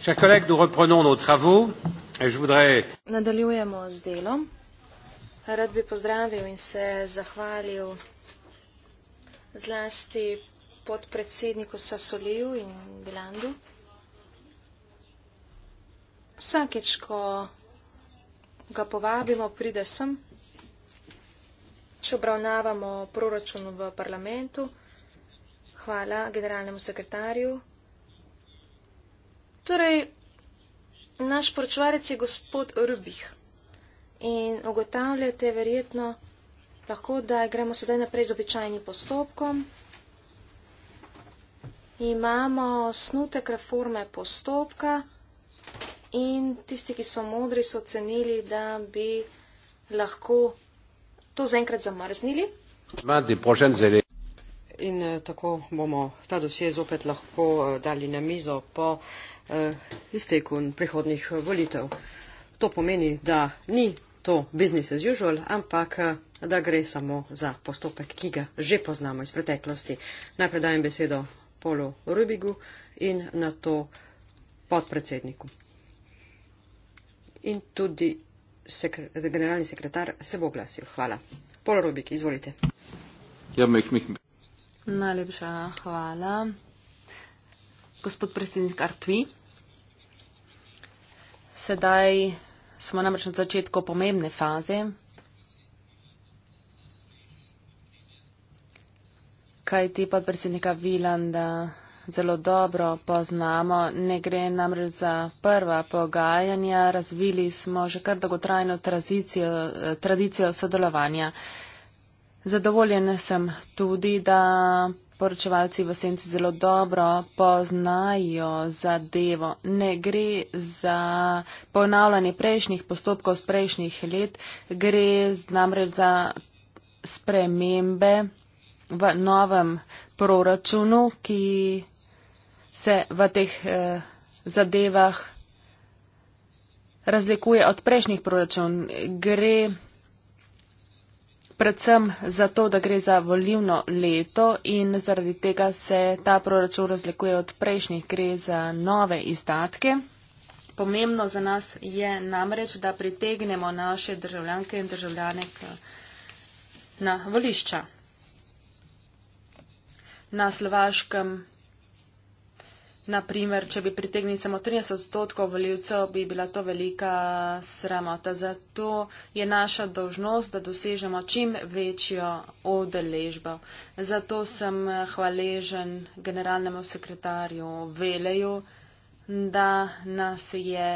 Chers collègues, nous reprenons nos travaux et je voudrais. Nadaljujemo z delom. Rad bi pozdravil in se zahvalil zlasti podpredsedniku Sasoliju in Bilandu. Vsakeč, ko ga povabimo, pride sem, če obravnavamo proračun v parlamentu. Hvala generalnemu sekretarju, Torej, naš porčvarec je gospod Rubih in ugotavljate verjetno lahko, da gremo sedaj naprej z običajnim postopkom. Imamo snutek reforme postopka in tisti, ki so modri, so ocenili, da bi lahko to zaenkrat zamrznili. In eh, tako bomo ta dosje zopet lahko eh, dali na mizo po uh, Eh, izteku prihodnih eh, volitev. To pomeni, da ni to business as usual, ampak eh, da gre samo za postopek, ki ga že poznamo iz preteklosti. Najprej dajem besedo Polu Rubigu in na to podpredsedniku. In tudi sekre, generalni sekretar se bo oglasil. Hvala. Polo Rubik, izvolite. Ja, mih, mih. Najlepša hvala gospod predsednik Artvi. Sedaj smo namreč na začetku pomembne faze, kaj ti podpredsednika Vilanda zelo dobro poznamo. Ne gre namreč za prva pogajanja, razvili smo že kar dolgotrajno tradicijo, tradicijo sodelovanja. Zadovoljen sem tudi, da poročevalci v senci zelo dobro poznajo zadevo. Ne gre za ponavljanje prejšnjih postopkov z prejšnjih let, gre namreč za spremembe v novem proračunu, ki se v teh eh, zadevah razlikuje od prejšnjih proračun. Gre predvsem zato, da gre za volivno leto in zaradi tega se ta proračun razlikuje od prejšnjih, gre za nove izdatke. Pomembno za nas je namreč, da pritegnemo naše državljanke in državljane na volišča. Na slovaškem Naprimer, če bi pritegnili samo 30 odstotkov voljivcev, bi bila to velika sramota. Zato je naša dožnost, da dosežemo čim večjo odeležbo. Zato sem hvaležen generalnemu sekretarju Veleju, da nas je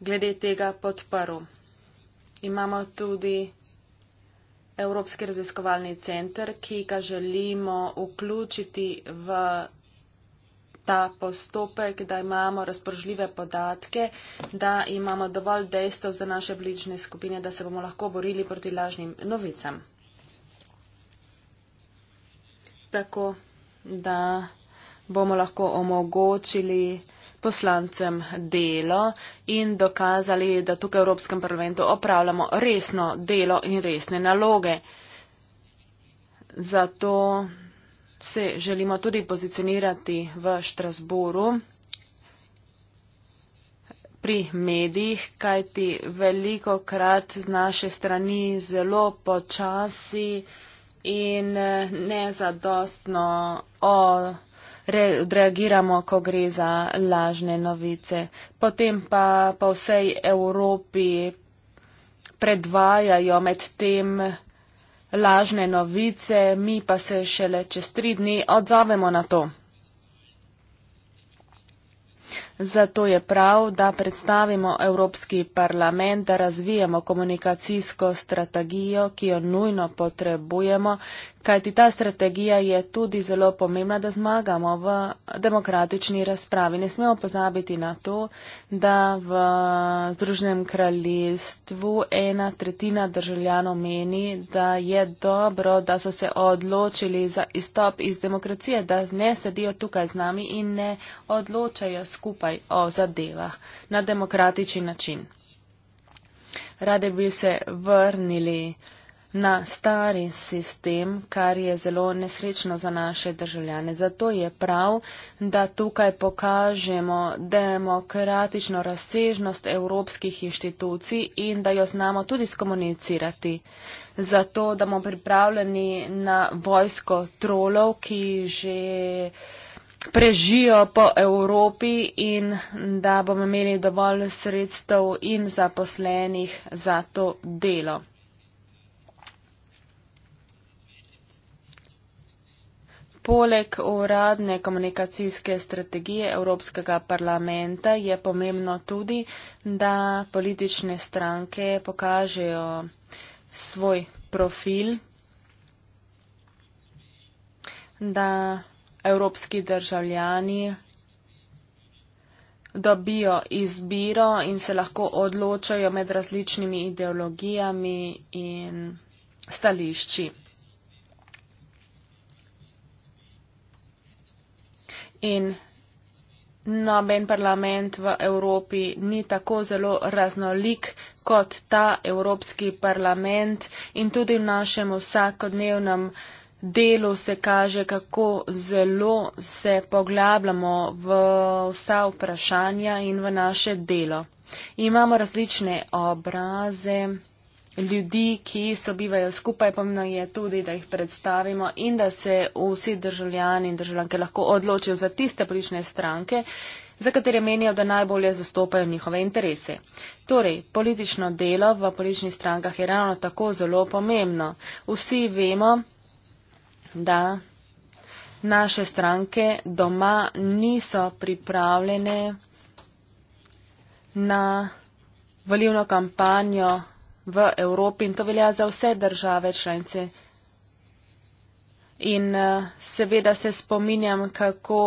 glede tega podprl. Imamo tudi Evropski raziskovalni center, ki ga želimo vključiti v ta postopek, da imamo razpoložljive podatke, da imamo dovolj dejstev za naše bližne skupine, da se bomo lahko borili proti lažnim novicam. Tako da bomo lahko omogočili poslancem delo in dokazali, da tukaj v Evropskem parlamentu opravljamo resno delo in resne naloge. Zato se želimo tudi pozicionirati v Štrasburu pri medijih, kajti veliko krat z naše strani zelo počasi in eh, nezadostno o re, reagiramo, ko gre za lažne novice. Potem pa po vsej Evropi predvajajo med tem lažne novice, mi pa se šele čez tri dni odzovemo na to. Zato je prav, da predstavimo Evropski parlament, da razvijemo komunikacijsko strategijo, ki jo nujno potrebujemo, kajti ta strategija je tudi zelo pomembna, da zmagamo v demokratični razpravi. Ne smemo pozabiti na to, da v Združenem kraljestvu ena tretjina državljanov meni, da je dobro, da so se odločili za izstop iz demokracije, da ne sedijo tukaj z nami in ne odločajo skupaj o zadevah na demokratični način. Rade bi se vrnili na stari sistem, kar je zelo nesrečno za naše državljane. Zato je prav, da tukaj pokažemo demokratično razsežnost evropskih inštitucij in da jo znamo tudi skomunicirati. Zato, da bomo pripravljeni na vojsko trolov, ki že prežijo po Evropi in da bomo imeli dovolj sredstev in zaposlenih za to delo. Poleg uradne komunikacijske strategije Evropskega parlamenta je pomembno tudi, da politične stranke pokažejo svoj profil, da evropski državljani dobijo izbiro in se lahko odločajo med različnimi ideologijami in stališči. in noben parlament v Evropi ni tako zelo raznolik kot ta Evropski parlament in tudi v našem vsakodnevnem delu se kaže, kako zelo se poglabljamo v vsa vprašanja in v naše delo. Imamo različne obraze ljudi, ki sobivajo skupaj, pomembno je tudi, da jih predstavimo in da se vsi državljani in državljanke lahko odločijo za tiste politične stranke, za katere menijo, da najbolje zastopajo njihove interese. Torej, politično delo v političnih strankah je ravno tako zelo pomembno. Vsi vemo, da naše stranke doma niso pripravljene na volivno kampanjo v Evropi in to velja za vse države članice. In eh, seveda se spominjam, kako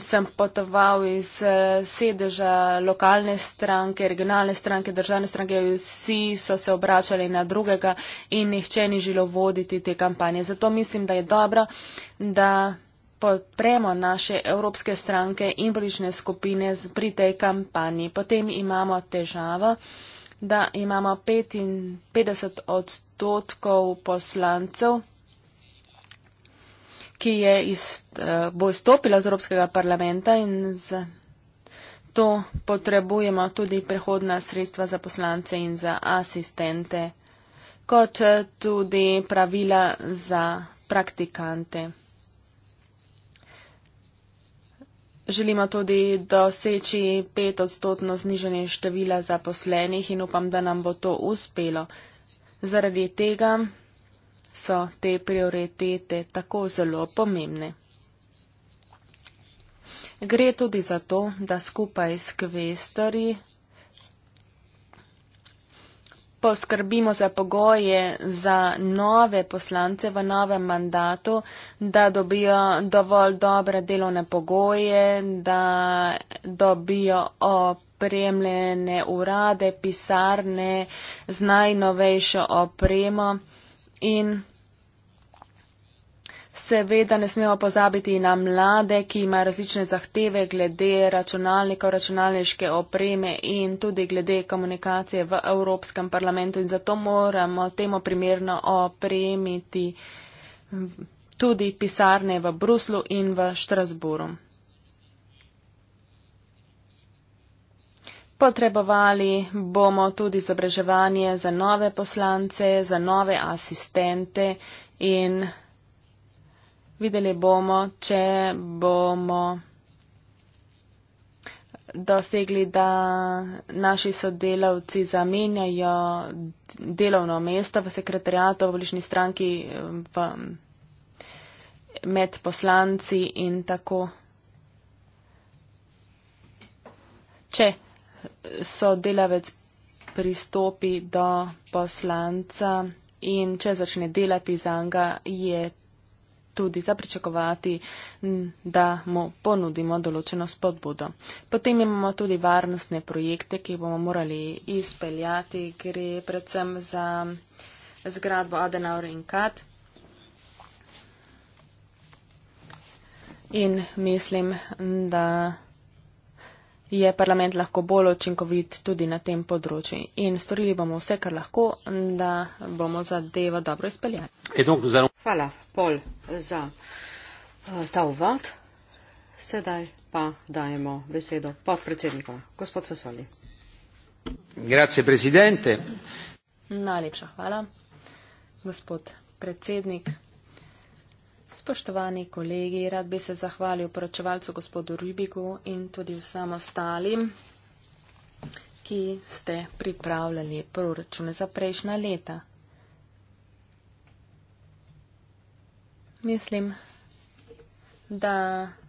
sem potoval iz eh, sedeža lokalne stranke, regionalne stranke, državne stranke, vsi so se obračali na drugega in nihče ni želel voditi te kampanje. Zato mislim, da je dobro, da podpremo naše evropske stranke in politične skupine pri tej kampanji. Potem imamo težavo da imamo 55 odstotkov poslancev, ki je iz, eh, bo izstopila iz Evropskega parlamenta in zato potrebujemo tudi prehodna sredstva za poslance in za asistente, kot tudi pravila za praktikante. Želimo tudi doseči pet odstotno zniženje števila zaposlenih in upam, da nam bo to uspelo. Zaradi tega so te prioritete tako zelo pomembne. Gre tudi za to, da skupaj s kvestari poskrbimo za pogoje za nove poslance v novem mandatu, da dobijo dovolj dobre delovne pogoje, da dobijo opremljene urade, pisarne z najnovejšo opremo in Seveda ne smemo pozabiti na mlade, ki imajo različne zahteve glede računalnikov, računalniške opreme in tudi glede komunikacije v Evropskem parlamentu in zato moramo temu primerno opremiti tudi pisarne v Bruslu in v Štrasburu. Potrebovali bomo tudi izobraževanje za nove poslance, za nove asistente in videli bomo, če bomo dosegli, da naši sodelavci zamenjajo delovno mesto v sekretarijatu v lični stranki v, med poslanci in tako. Če sodelavec pristopi do poslanca in če začne delati za njega, je tudi zapričakovati, da mu ponudimo določeno spodbudo. Potem imamo tudi varnostne projekte, ki bomo morali izpeljati, gre predvsem za zgradbo Adenauer in Kat. In mislim, da je parlament lahko bolj očinkovit tudi na tem področju. In storili bomo vse, kar lahko, da bomo zadeva dobro izpeljali. Hvala, Pol, za eh, ta uvod. Sedaj pa dajemo besedo podpredsednikom. Gospod Sasoli. Grazie, predsednik. Najlepša hvala, gospod predsednik. Spoštovani kolegi, rad bi se zahvalil poročevalcu gospodu Ribiku in tudi vsem ostalim, ki ste pripravljali proračune za prejšnja leta. Mislim, da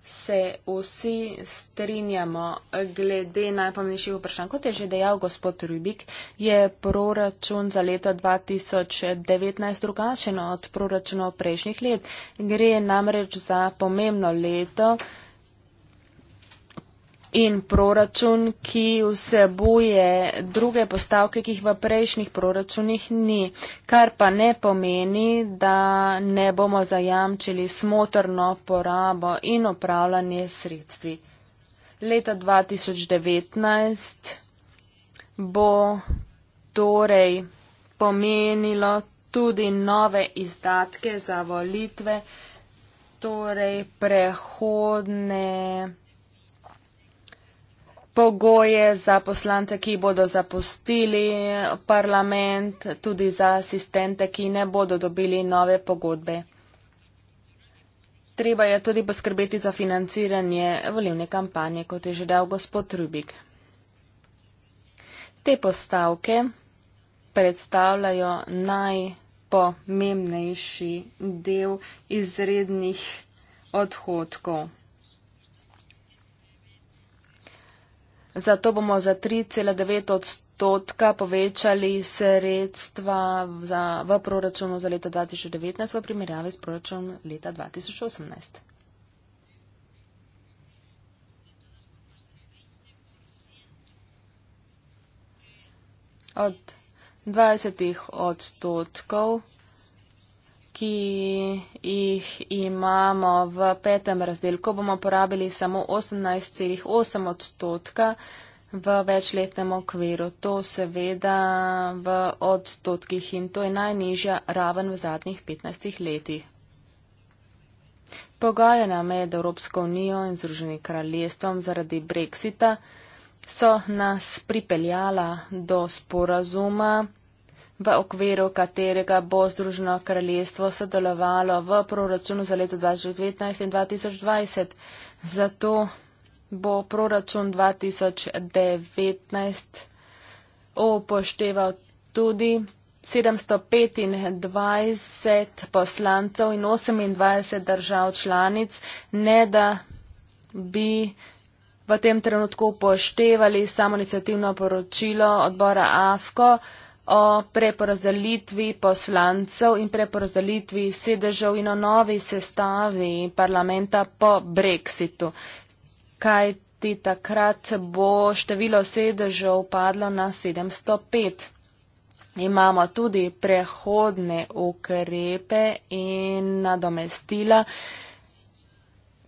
se vsi strinjamo glede najpomembnejših vprašanj. Kot je že dejal gospod Rubik, je proračun za leto 2019 drugačen od proračunov prejšnjih let. Gre namreč za pomembno leto in proračun, ki vseboje druge postavke, ki jih v prejšnjih proračunih ni, kar pa ne pomeni, da ne bomo zajamčili smotrno porabo in upravljanje sredstvi. Leta 2019 bo torej pomenilo tudi nove izdatke za volitve, torej prehodne pogoje za poslante, ki bodo zapustili parlament, tudi za asistente, ki ne bodo dobili nove pogodbe. Treba je tudi poskrbeti za financiranje volivne kampanje, kot je že dal gospod Rubik. Te postavke predstavljajo najpomembnejši del izrednih odhodkov. Zato bomo za 3,9 odstotka povečali sredstva za, v proračunu za leto 2019 v primerjavi s proračunom leta 2018. Od 20 odstotkov ki jih imamo v petem razdelku, bomo porabili samo 18,8 odstotka v večletnem okviru. To seveda v odstotkih in to je najnižja raven v zadnjih 15 letih. Pogajanja med Evropsko unijo in Združenim kraljestvom zaradi Brexita so nas pripeljala do sporazuma v okviru katerega bo Združeno kraljestvo sodelovalo v proračunu za leto 2019 in 2020. Zato bo proračun 2019 upošteval tudi 725 poslancev in 28 držav članic, ne da bi v tem trenutku upoštevali samo inicijativno poročilo odbora AFKO, o preporazdelitvi poslancev in preporazdelitvi sedežev in o novi sestavi parlamenta po brexitu. Kaj ti takrat bo število sedežev padlo na 705? Imamo tudi prehodne ukrepe in nadomestila.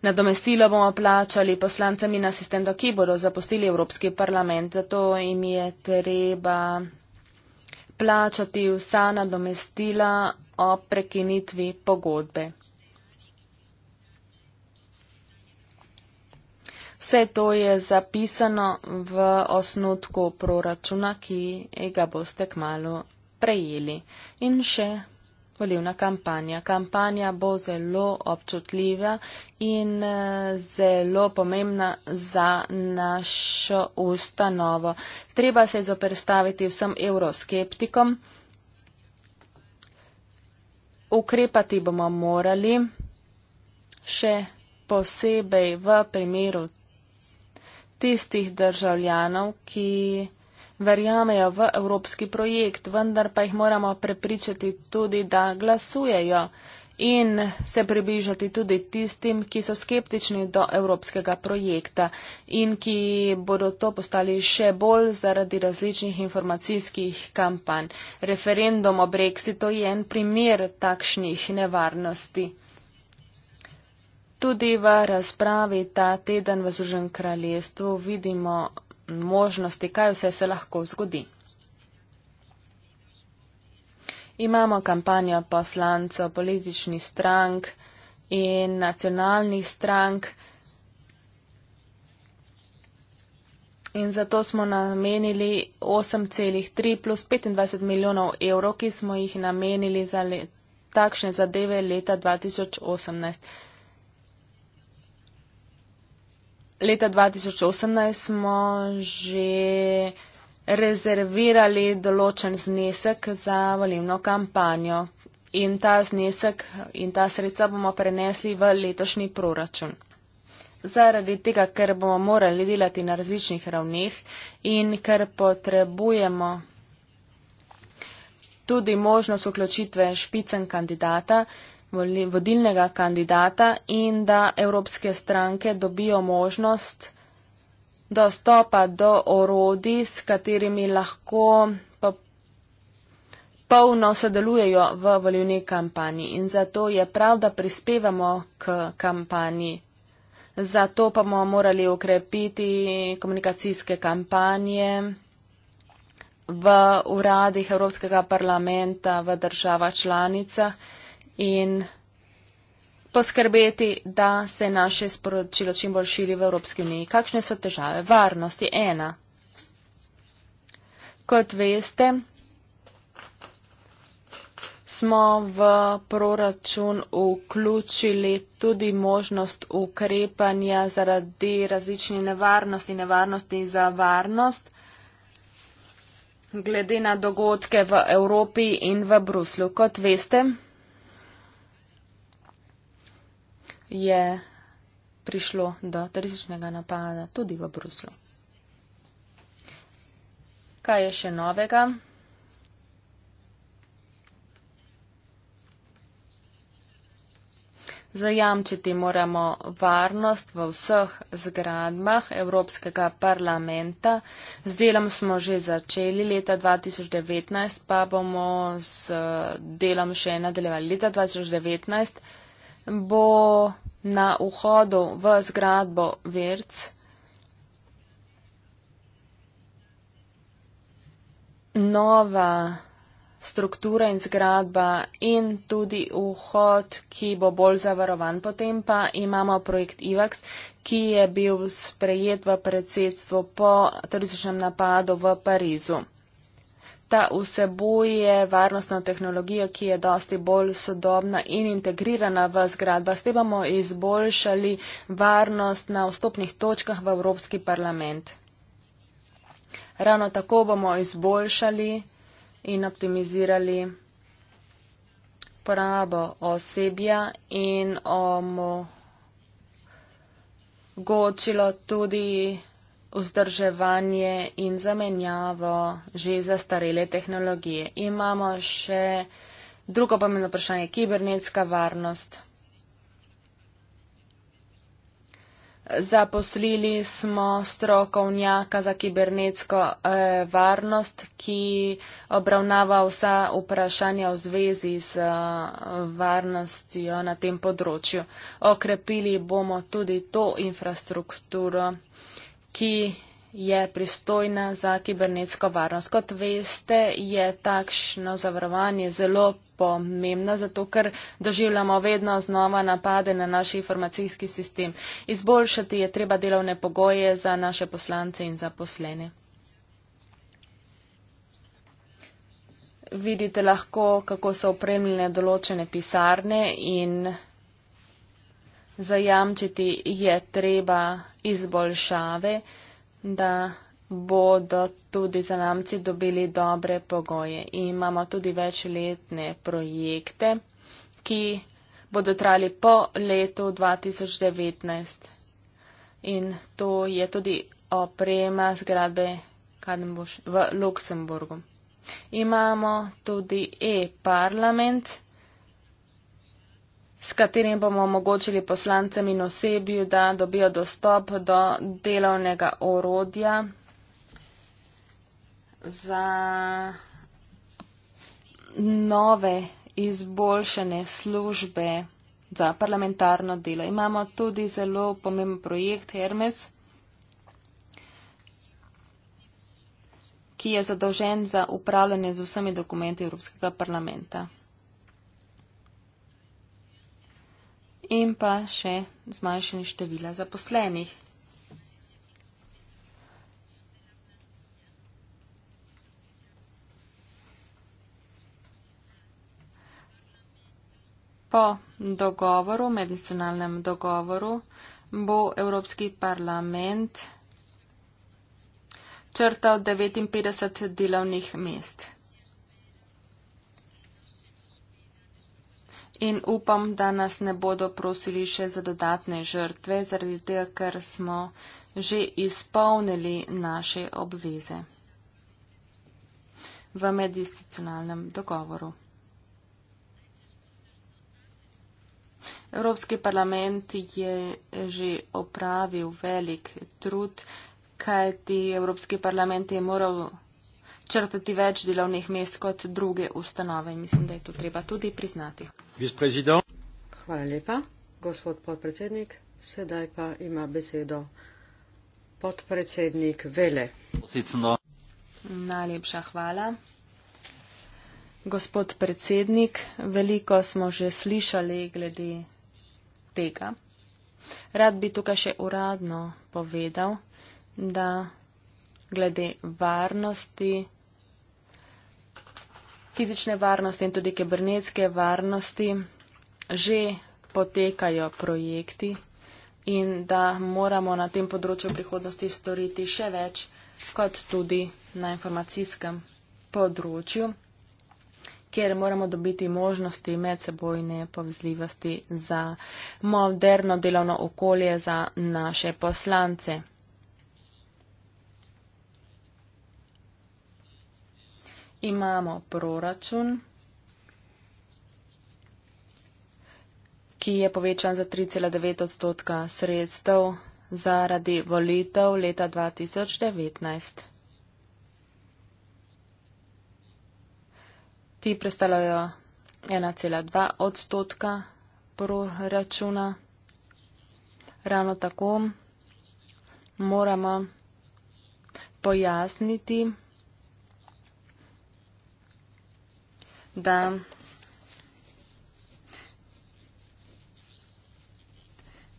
Nadomestilo bomo plačali poslancem in asistentom, ki bodo zapustili Evropski parlament. Zato jim je treba plačati vsa nadomestila o prekinitvi pogodbe. Vse to je zapisano v osnutku proračuna, ki ga boste kmalo prejeli. In še volivna kampanja. Kampanja bo zelo občutljiva in eh, zelo pomembna za našo ustanovo. Treba se zoprstaviti vsem euroskeptikom. Ukrepati bomo morali še posebej v primeru tistih državljanov, ki verjamejo v evropski projekt, vendar pa jih moramo prepričati tudi, da glasujejo in se približati tudi tistim, ki so skeptični do evropskega projekta in ki bodo to postali še bolj zaradi različnih informacijskih kampanj. Referendum o Brexitu je en primer takšnih nevarnosti. Tudi v razpravi ta teden v Združenem kraljestvu vidimo možnosti, kaj vse se lahko zgodi. Imamo kampanjo poslancev političnih strank in nacionalnih strank in zato smo namenili 8,3 plus 25 milijonov evrov, ki smo jih namenili za le, takšne zadeve leta 2018 leta 2018 smo že rezervirali določen znesek za volimno kampanjo in ta znesek in ta sredstva bomo prenesli v letošnji proračun. Zaradi tega, ker bomo morali delati na različnih ravneh in ker potrebujemo tudi možnost vključitve špicen kandidata, vodilnega kandidata in da evropske stranke dobijo možnost dostopa do orodi, s katerimi lahko polno sodelujejo v volivni kampanji. In zato je prav, da prispevamo k kampanji. Zato pa bomo morali ukrepiti komunikacijske kampanje v uradih Evropskega parlamenta v državah članicah in poskrbeti, da se naše sporočilo čim bolj širi v Evropski uniji. Kakšne so težave? Varnost je ena. Kot veste, smo v proračun vključili tudi možnost ukrepanja zaradi različnih nevarnosti, nevarnosti za varnost, glede na dogodke v Evropi in v Bruslu. Kot veste, je prišlo do terorističnega napada tudi v Bruslu. Kaj je še novega? Zajamčiti moramo varnost v vseh zgradbah Evropskega parlamenta. Z delom smo že začeli leta 2019, pa bomo z delom še nadaljevali leta 2019. Bo na vhodu v zgradbo Verc. Nova struktura in zgradba in tudi vhod, ki bo bolj zavarovan. Potem pa imamo projekt IVAX, ki je bil sprejet v predsedstvo po terorističnem napadu v Parizu ta vseboje varnostno tehnologijo, ki je dosti bolj sodobna in integrirana v zgradba. S tem bomo izboljšali varnost na vstopnih točkah v Evropski parlament. Ravno tako bomo izboljšali in optimizirali porabo osebja in omogočilo tudi vzdrževanje in zamenjavo že zastarele tehnologije. Imamo še drugo pomembno vprašanje, kibernetska varnost. Zaposlili smo strokovnjaka za kibernetsko eh, varnost, ki obravnava vsa vprašanja v zvezi z eh, varnostjo na tem področju. Okrepili bomo tudi to infrastrukturo. Eh, ki je pristojna za kibernetsko varnost. Kot veste, je takšno zavarovanje zelo pomembno, zato ker doživljamo vedno znova napade na naš informacijski sistem. Izboljšati je treba delovne pogoje za naše poslance in zaposlene. Vidite lahko, kako so opremljene določene pisarne in zajamčiti je treba izboljšave, da bodo tudi zanamci dobili dobre pogoje. In imamo tudi večletne projekte, ki bodo trali po letu 2019. In to je tudi oprema zgradbe Kadenbuš v Luksemburgu. Imamo tudi e-parlament s katerim bomo omogočili poslancem in osebju, da dobijo dostop do delovnega orodja za nove izboljšane službe za parlamentarno delo. Imamo tudi zelo pomemben projekt Hermes, ki je zadolžen za upravljanje z vsemi dokumenti Evropskega parlamenta. in pa še zmanjšanje števila zaposlenih. Po dogovoru, medicinalnem dogovoru, bo Evropski parlament črtal 59 delovnih mest. in upam, da nas ne bodo prosili še za dodatne žrtve, zaradi tega, ker smo že izpolnili naše obveze v medinstitucionalnem dogovoru. Evropski parlament je že opravil velik trud, kajti Evropski parlament je moral črtati več delovnih mest kot druge ustanove. Mislim, da je to treba tudi priznati. Hvala lepa, gospod podpredsednik. Sedaj pa ima besedo podpredsednik Vele. Posicno. Najlepša hvala. Gospod predsednik, veliko smo že slišali glede tega. Rad bi tukaj še uradno povedal, da glede varnosti fizične varnosti in tudi kibernetske varnosti že potekajo projekti in da moramo na tem področju prihodnosti storiti še več kot tudi na informacijskem področju, kjer moramo dobiti možnosti medsebojne povezljivosti za moderno delovno okolje za naše poslance. imamo proračun, ki je povečan za 3,9 odstotka sredstev zaradi volitev leta 2019. Ti predstavljajo 1,2 odstotka proračuna. Ravno tako moramo pojasniti, da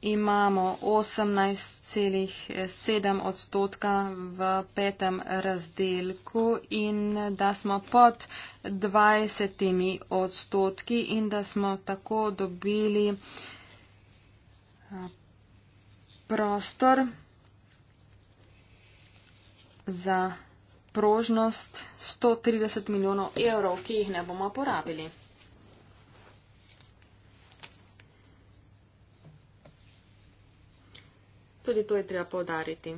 imamo 18,7 odstotka v petem razdelku in da smo pod 20 odstotki in da smo tako dobili eh, prostor za prožnost 130 milijonov evrov, ki jih ne bomo porabili. Tudi to je treba povdariti.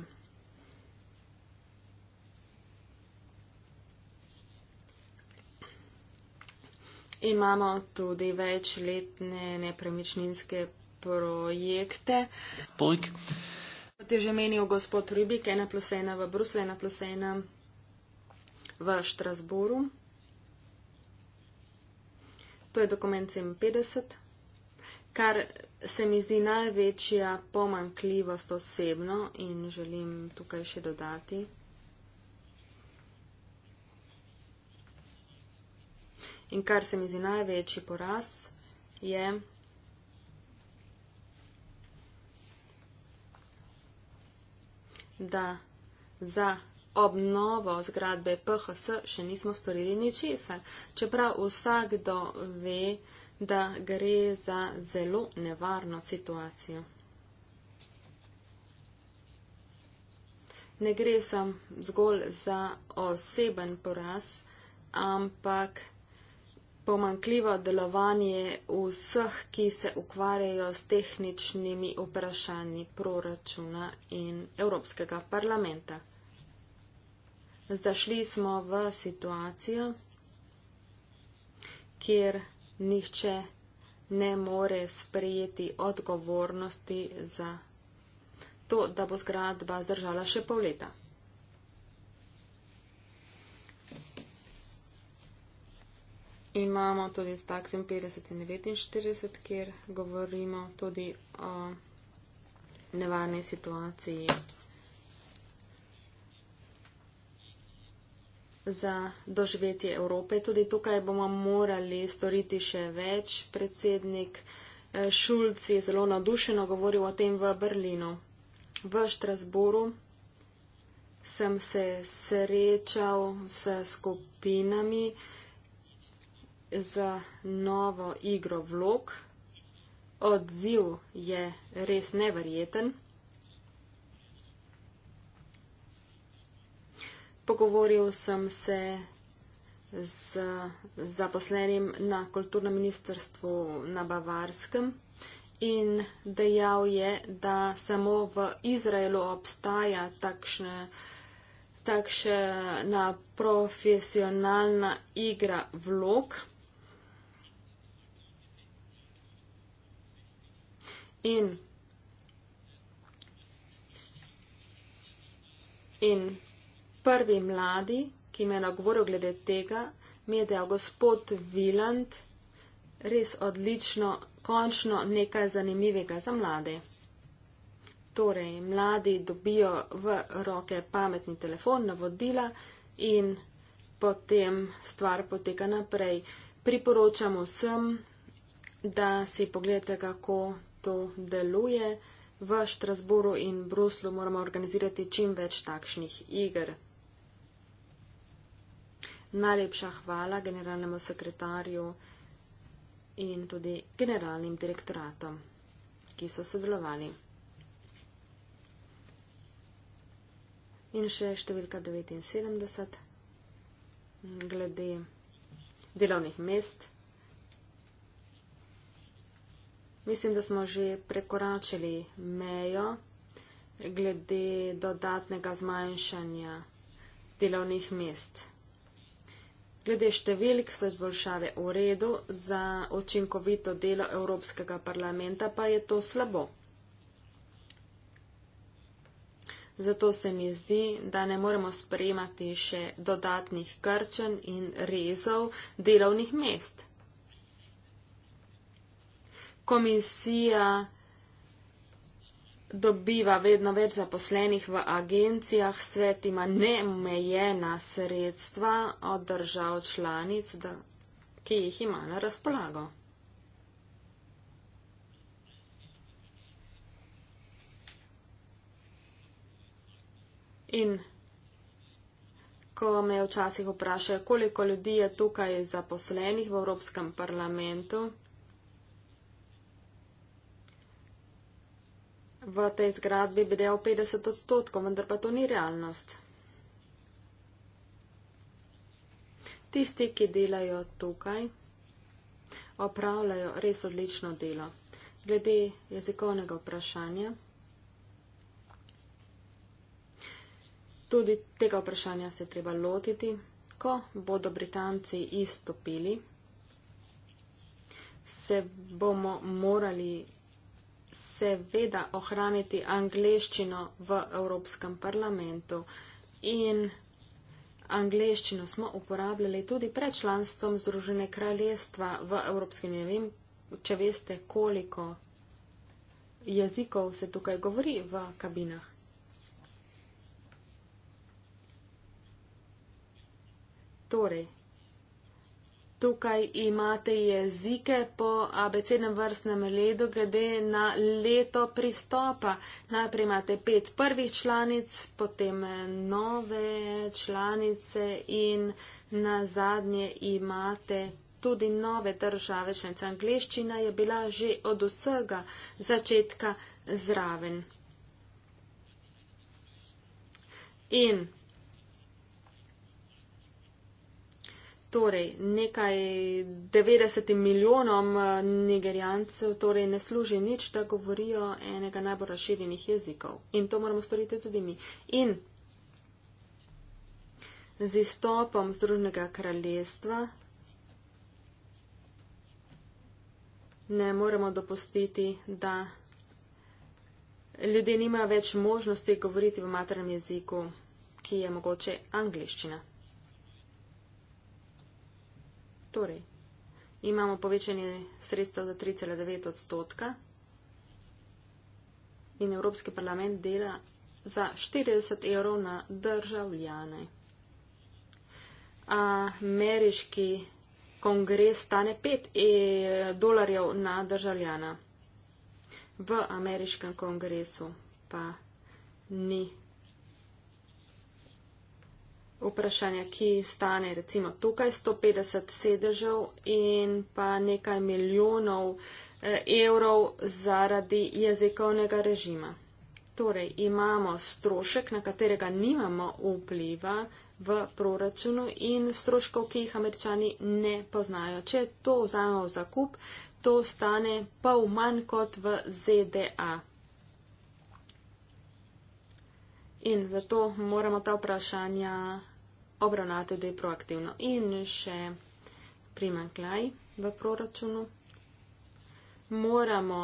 Imamo tudi večletne nepremičninske projekte. Polik. Kot je že menil gospod Rubik, ena plus ena v Bruslu, ena plus ena v Štrasboru. To je dokument 57, kar se mi zdi največja pomankljivost osebno in želim tukaj še dodati. In kar se mi zdi največji poraz je. Da za obnovo zgradbe PHS še nismo storili ničesar, čeprav vsakdo ve, da gre za zelo nevarno situacijo. Ne gre sem zgolj za oseben poraz, ampak pomankljivo delovanje vseh, ki se ukvarjajo s tehničnimi vprašanji proračuna in Evropskega parlamenta. Zdašli smo v situacijo, kjer nihče ne more sprejeti odgovornosti za to, da bo zgradba zdržala še pol leta. Imamo tudi s taksim 50 in 49, kjer govorimo tudi o nevarni situaciji za doživetje Evrope. Tudi tukaj bomo morali storiti še več. Predsednik eh, Šulc je zelo nadušeno govoril o tem v Berlinu. V Štrasburu sem se srečal s skupinami za novo igro vlog. Odziv je res neverjeten. Pogovoril sem se z zaposlenim na kulturnem ministrstvu na Bavarskem in dejal je, da samo v Izraelu obstaja takšne, takšna profesionalna igra vlog. In, in prvi mladi, ki me je nagovoril glede tega, mi je dejal gospod Viland, res odlično, končno nekaj zanimivega za mlade. Torej, mladi dobijo v roke pametni telefon, navodila in potem stvar poteka naprej. Priporočam vsem, da si pogledate, kako to deluje. V Štrasboru in Bruslu moramo organizirati čim več takšnih iger. Najlepša hvala generalnemu sekretarju in tudi generalnim direktoratom, ki so sodelovali. In še številka 79 glede delovnih mest. Mislim, da smo že prekoračili mejo glede dodatnega zmanjšanja delovnih mest. Glede številk so izboljšave v redu, za učinkovito delo Evropskega parlamenta pa je to slabo. Zato se mi zdi, da ne moremo sprejemati še dodatnih krčen in rezov delovnih mest. Komisija dobiva vedno več zaposlenih v agencijah, svet ima neomejena sredstva od držav članic, da, ki jih ima na razpolago. In ko me včasih vprašajo, koliko ljudi je tukaj zaposlenih v Evropskem parlamentu, v tej zgradbi bi del 50 odstotkov, vendar pa to ni realnost. Tisti, ki delajo tukaj, opravljajo res odlično delo. Glede jezikovnega vprašanja, tudi tega vprašanja se treba lotiti, ko bodo Britanci izstopili, se bomo morali seveda ohraniti angleščino v Evropskem parlamentu. In angleščino smo uporabljali tudi pred članstvom Združene kraljestva v Evropski. Ne vem, če veste, koliko jezikov se tukaj govori v kabinah. Torej, Tukaj imate jezike po abecednem vrstnem redu glede na leto pristopa. Najprej imate pet prvih članic, potem nove članice in na zadnje imate tudi nove države. Članica angliščina je bila že od vsega začetka zraven. In Torej, nekaj 90 milijonom eh, nigerijancev torej ne služi nič, da govorijo enega najbolj razširjenih jezikov. In to moramo storiti tudi mi. In z izstopom Združnega kraljestva ne moremo dopustiti, da ljudje nima več možnosti govoriti v maternem jeziku, ki je mogoče angliščina. Torej, imamo povečanje sredstev za 3,9 odstotka in Evropski parlament dela za 40 evrov na državljane. Ameriški kongres stane 5 e dolarjev na državljana. V ameriškem kongresu pa ni vprašanje, ki stane recimo tukaj 150 sedežev in pa nekaj milijonov eh, evrov zaradi jezikovnega režima. Torej, imamo strošek, na katerega nimamo vpliva v proračunu in stroškov, ki jih američani ne poznajo. Če to vzamemo v zakup, to stane pol manj kot v ZDA. In zato moramo ta vprašanja obravnati tudi proaktivno. In še primankljaj v proračunu. Moramo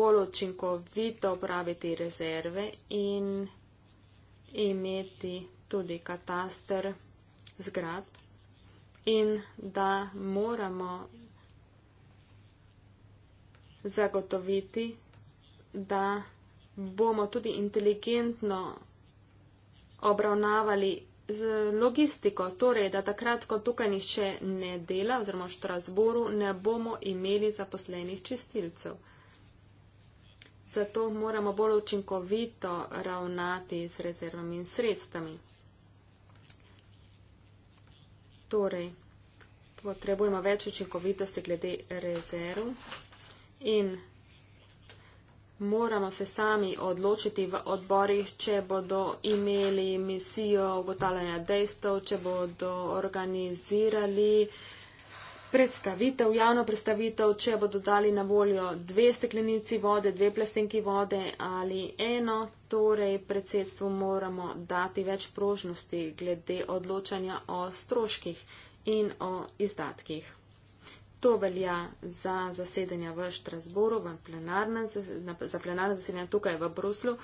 bolj učinkovito upraviti rezerve in imeti tudi kataster zgrad in da moramo zagotoviti, da bomo tudi inteligentno obravnavali z logistiko, torej da takrat, ko tukaj nišče ne dela oziroma v Štrasboru, ne bomo imeli zaposlenih čistilcev. Zato moramo bolj učinkovito ravnati z rezervami in sredstami. Torej, potrebujemo več učinkovitosti glede rezerv in moramo se sami odločiti v odborih, če bodo imeli misijo ugotavljanja dejstev, če bodo organizirali predstavitev, javno predstavitev, če bodo dali na voljo dve steklenici vode, dve plastenki vode ali eno. Torej, predsedstvu moramo dati več prožnosti glede odločanja o stroških in o izdatkih. To velja za zasedanja v Štrasboru, v plenarnem, za plenarno zasedanje tukaj v Bruslu.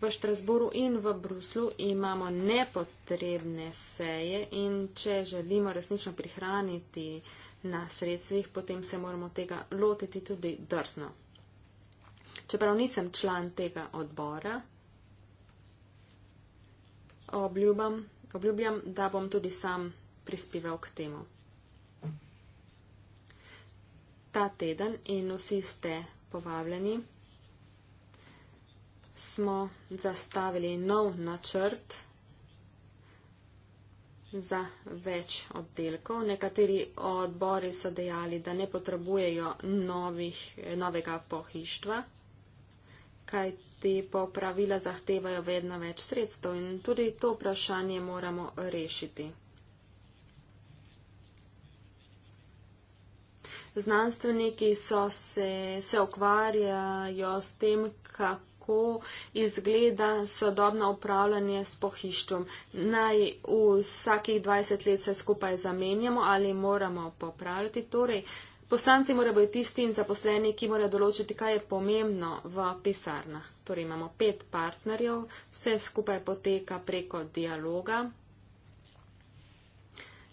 V Štrasboru in v Bruslu imamo nepotrebne seje in če želimo resnično prihraniti na sredstvih, potem se moramo tega lotiti tudi drzno. Čeprav nisem član tega odbora, obljubam, obljubjam, da bom tudi sam prispeval k temu ta teden in vsi ste povabljeni, smo zastavili nov načrt za več oddelkov. Nekateri odbori so dejali, da ne potrebujejo novih, novega pohištva, kaj ti popravila zahtevajo vedno več sredstev in tudi to vprašanje moramo rešiti. znanstveniki so se, se ukvarjajo s tem, kako izgleda sodobno upravljanje s pohištvom. Naj vsakih 20 let vse skupaj zamenjamo ali moramo popraviti. Torej, poslanci morajo biti tisti in zaposleni, ki morajo določiti, kaj je pomembno v pisarnah. Torej, imamo pet partnerjev, vse skupaj poteka preko dialoga.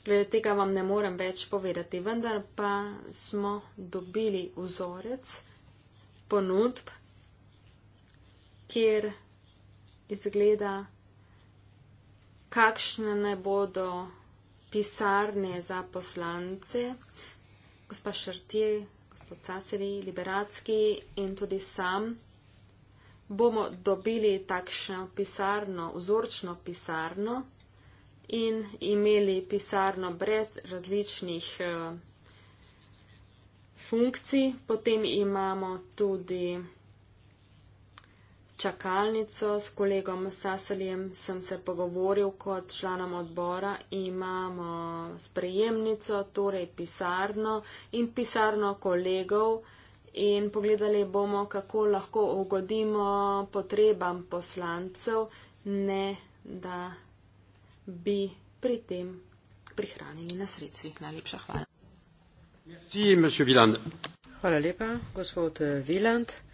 Glede tega vam ne morem več povedati, vendar pa smo dobili vzorec ponudb, kjer izgleda, kakšne ne bodo pisarne za poslance, gospa Šrti, gospod Caceri, Liberacki in tudi sam, bomo dobili takšno pisarno, vzorčno pisarno in imeli pisarno brez različnih eh, funkcij. Potem imamo tudi čakalnico s kolegom Sasaljem, sem se pogovoril kot članom odbora, imamo sprejemnico, torej pisarno in pisarno kolegov. In pogledali bomo, kako lahko ugodimo potrebam poslancev, ne da bi pri tem prihranili na sredstvih. Najlepša hvala. Hvala lepa, gospod Viland. Eh,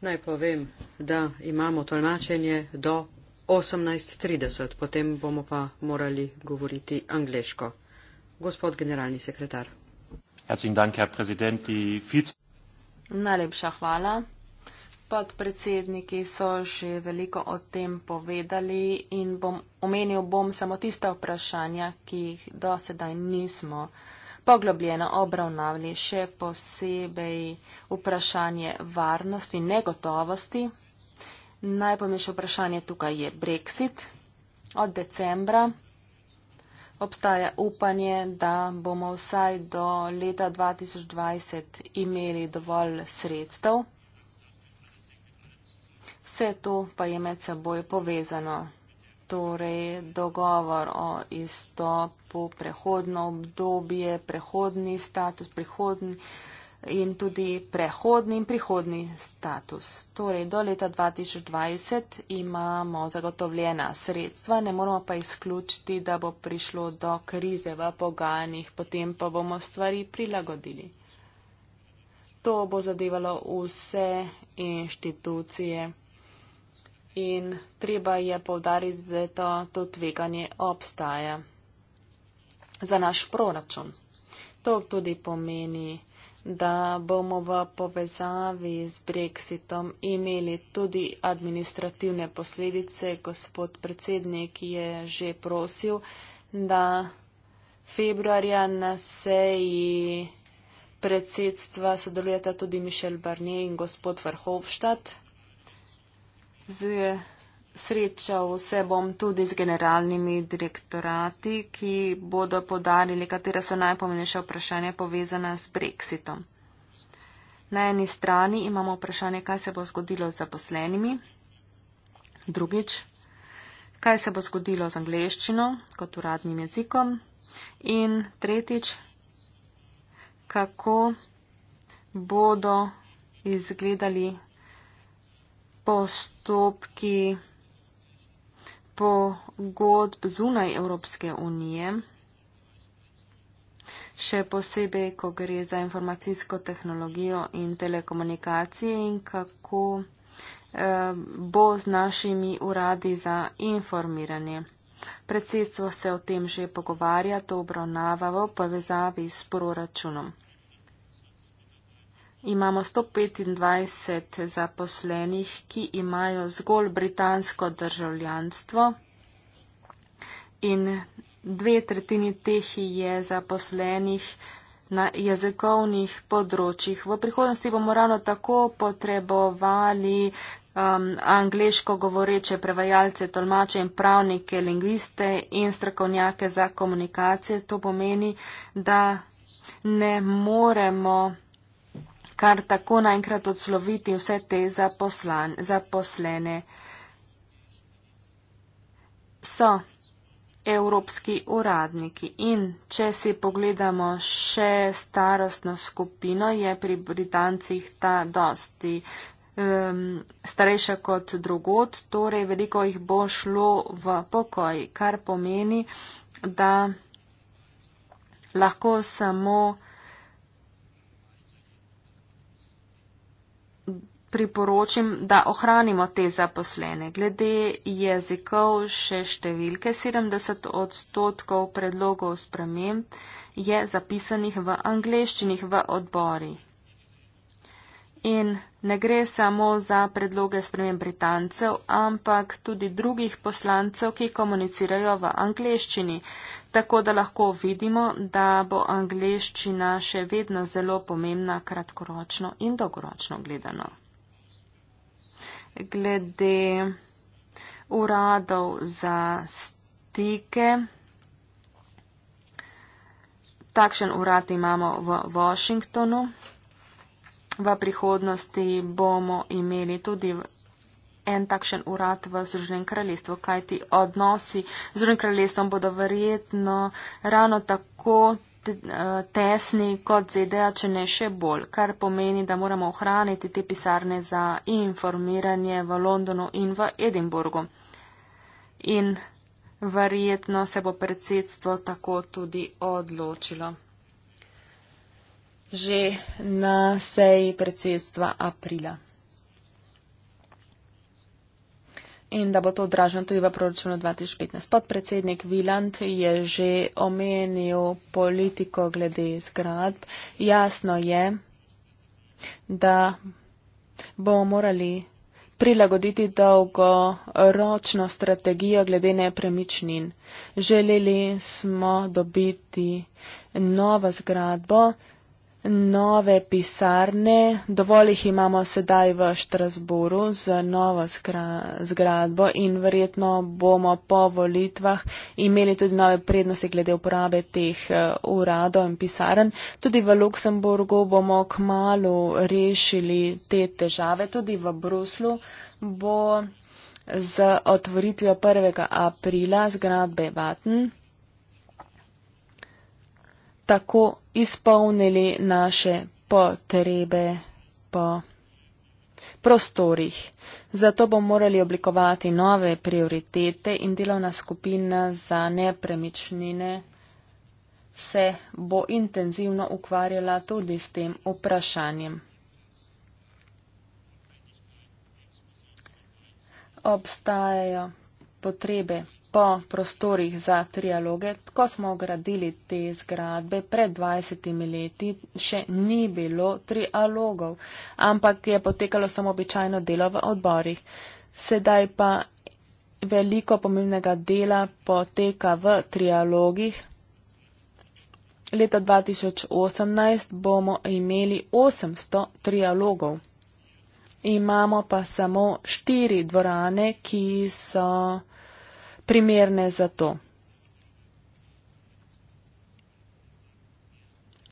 Naj povem, da imamo tolmačenje do 18.30, potem bomo pa morali govoriti angliško. Gospod generalni sekretar. Najlepša hvala podpredsedniki so že veliko o tem povedali in bom, omenil bom samo tiste vprašanja, ki jih do sedaj nismo poglobljeno obravnavali, še posebej vprašanje varnosti in negotovosti. Najpomembnejše vprašanje tukaj je Brexit. Od decembra obstaja upanje, da bomo vsaj do leta 2020 imeli dovolj sredstev Vse to pa je med seboj povezano. Torej, dogovor o izstopu, prehodno obdobje, prehodni status, prihodni in tudi prehodni in prihodni status. Torej, do leta 2020 imamo zagotovljena sredstva, ne moramo pa izključiti, da bo prišlo do krize v pogajanjih, potem pa bomo stvari prilagodili. To bo zadevalo vse inštitucije in treba je povdariti, da to, to tveganje obstaja za naš proračun. To tudi pomeni, da bomo v povezavi z Brexitom imeli tudi administrativne posledice. Gospod predsednik je že prosil, da februarja na seji predsedstva sodelujeta tudi Mišel Barnier in gospod Vrhovštad. Zdaj srečal se bom tudi z generalnimi direktorati, ki bodo podarili, katera so najpomenejša vprašanja povezana s Brexitom. Na eni strani imamo vprašanje, kaj se bo zgodilo z zaposlenimi. Drugič, kaj se bo zgodilo z angleščino kot uradnim jezikom. In tretjič, kako bodo izgledali postopki pogodb zunaj Evropske unije, še posebej, ko gre za informacijsko tehnologijo in telekomunikacije in kako eh, bo z našimi uradi za informiranje. Predsedstvo se o tem že pogovarja, to obravnava v povezavi s proračunom imamo 125 zaposlenih, ki imajo zgolj britansko državljanstvo in dve tretjini teh je zaposlenih na jezikovnih področjih. V prihodnosti bomo ravno tako potrebovali um, angliško govoreče prevajalce, tolmače in pravnike, lingviste in strokovnjake za komunikacije. To pomeni, da ne moremo kar tako naenkrat odsloviti vse te zaposlan, zaposlene. So evropski uradniki in če si pogledamo še starostno skupino, je pri Britancih ta dosti um, starejša kot drugot, torej veliko jih bo šlo v pokoj, kar pomeni, da lahko samo priporočim, da ohranimo te zaposlene. Glede jezikov še številke 70 odstotkov predlogov spremem je zapisanih v angleščinih v odbori. In ne gre samo za predloge spremem Britancev, ampak tudi drugih poslancev, ki komunicirajo v angleščini. Tako da lahko vidimo, da bo angleščina še vedno zelo pomembna kratkoročno in dolgoročno gledano glede uradov za stike. Takšen urad imamo v Washingtonu. V prihodnosti bomo imeli tudi en takšen urad v Združenem kraljestvu, kajti odnosi z Združenim kraljestvom bodo verjetno ravno tako tesni kot ZDA, če ne še bolj, kar pomeni, da moramo ohraniti te pisarne za informiranje v Londonu in v Edinburgu. In verjetno se bo predsedstvo tako tudi odločilo. Že na seji predsedstva aprila. in da bo to odraženo tudi v proračunu 2015. Podpredsednik Viland je že omenil politiko glede zgradb. Jasno je, da bomo morali prilagoditi dolgoročno strategijo glede nepremičnin. Želeli smo dobiti novo zgradbo, nove pisarne. Dovolj jih imamo sedaj v Štrasburu z novo zgradbo in verjetno bomo po volitvah imeli tudi nove prednosti glede uporabe teh eh, uradov in pisaren. Tudi v Luksemburgu bomo k malu rešili te težave, tudi v Bruslu bo z otvoritvijo 1. aprila zgradbe Vatn tako izpolnili naše potrebe po prostorih. Zato bomo morali oblikovati nove prioritete in delovna skupina za nepremičnine se bo intenzivno ukvarjala tudi s tem vprašanjem. Obstajajo potrebe po prostorih za trialoge, ko smo gradili te zgradbe pred 20 leti, še ni bilo trialogov, ampak je potekalo samo običajno delo v odborih. Sedaj pa veliko pomembnega dela poteka v trialogih. Leta 2018 bomo imeli 800 trialogov. Imamo pa samo štiri dvorane, ki so primerne za to.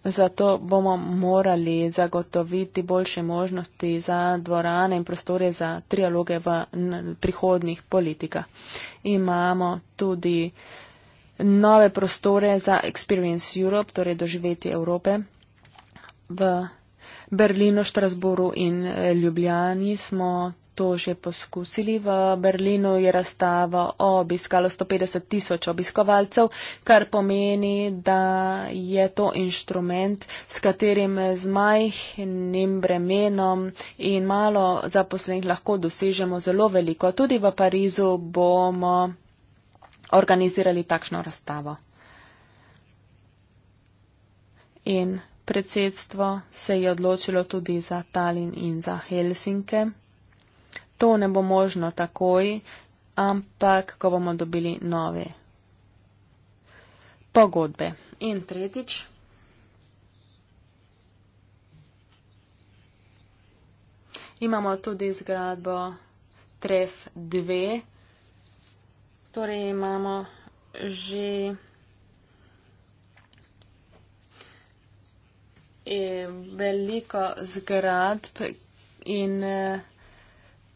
Zato bomo morali zagotoviti boljše možnosti za dvorane in prostore za trialoge v prihodnih politikah. Imamo tudi nove prostore za Experience Europe, torej doživeti Evrope. V Berlinu, Štrasburu in eh, Ljubljani smo to že poskusili. V Berlinu je razstava obiskalo 150 tisoč obiskovalcev, kar pomeni, da je to inštrument, s katerim z majhnim bremenom in malo zaposlenih lahko dosežemo zelo veliko. Tudi v Parizu bomo organizirali takšno razstavo. In predsedstvo se je odločilo tudi za Tallinn in za Helsinke to ne bo možno takoj, ampak ko bomo dobili nove pogodbe. In tretjič. Imamo tudi zgradbo TREF 2, torej imamo že eh, veliko zgradb in eh,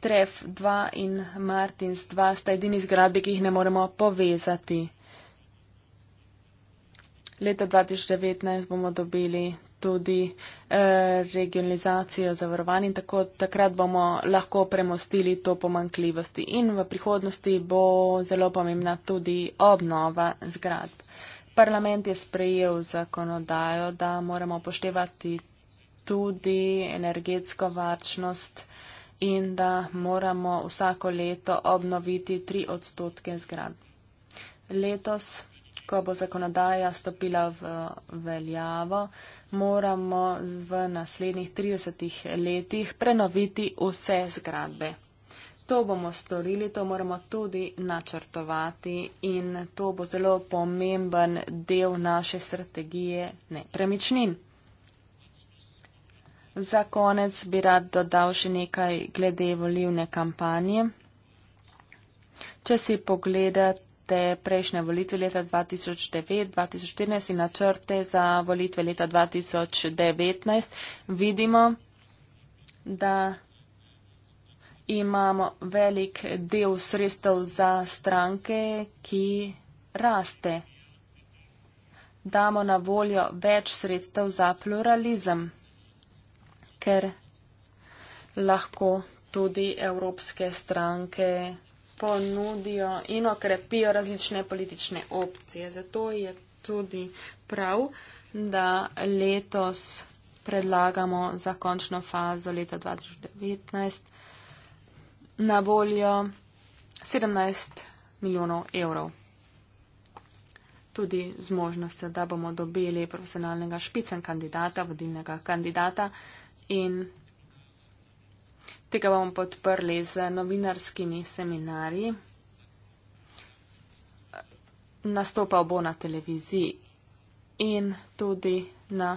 Tref 2 in Martins 2 sta edini zgradbi, ki jih ne moremo povezati. Leta 2019 bomo dobili tudi eh, regionalizacijo zavarovanj in tako takrat bomo lahko premostili to pomankljivosti. In v prihodnosti bo zelo pomembna tudi obnova zgradb. Parlament je sprejel zakonodajo, da moramo poštevati tudi energetsko varčnost in da moramo vsako leto obnoviti 3 odstotke zgrad. Letos, ko bo zakonodaja stopila v veljavo, moramo v naslednjih 30 letih prenoviti vse zgradbe. To bomo storili, to moramo tudi načrtovati in to bo zelo pomemben del naše strategije nepremičnin. Za konec bi rad dodal še nekaj glede volivne kampanje. Če si pogledate prejšnje volitve leta 2009-2014 in načrte za volitve leta 2019, vidimo, da imamo velik del sredstev za stranke, ki raste. Damo na voljo več sredstev za pluralizem ker lahko tudi evropske stranke ponudijo in okrepijo različne politične opcije. Zato je tudi prav, da letos predlagamo za končno fazo leta 2019 na voljo 17 milijonov evrov. Tudi z možnostjo, da bomo dobili profesionalnega špicen kandidata, vodilnega kandidata in tega bomo podprli z novinarskimi seminarji. Nastopal bo na televiziji in tudi na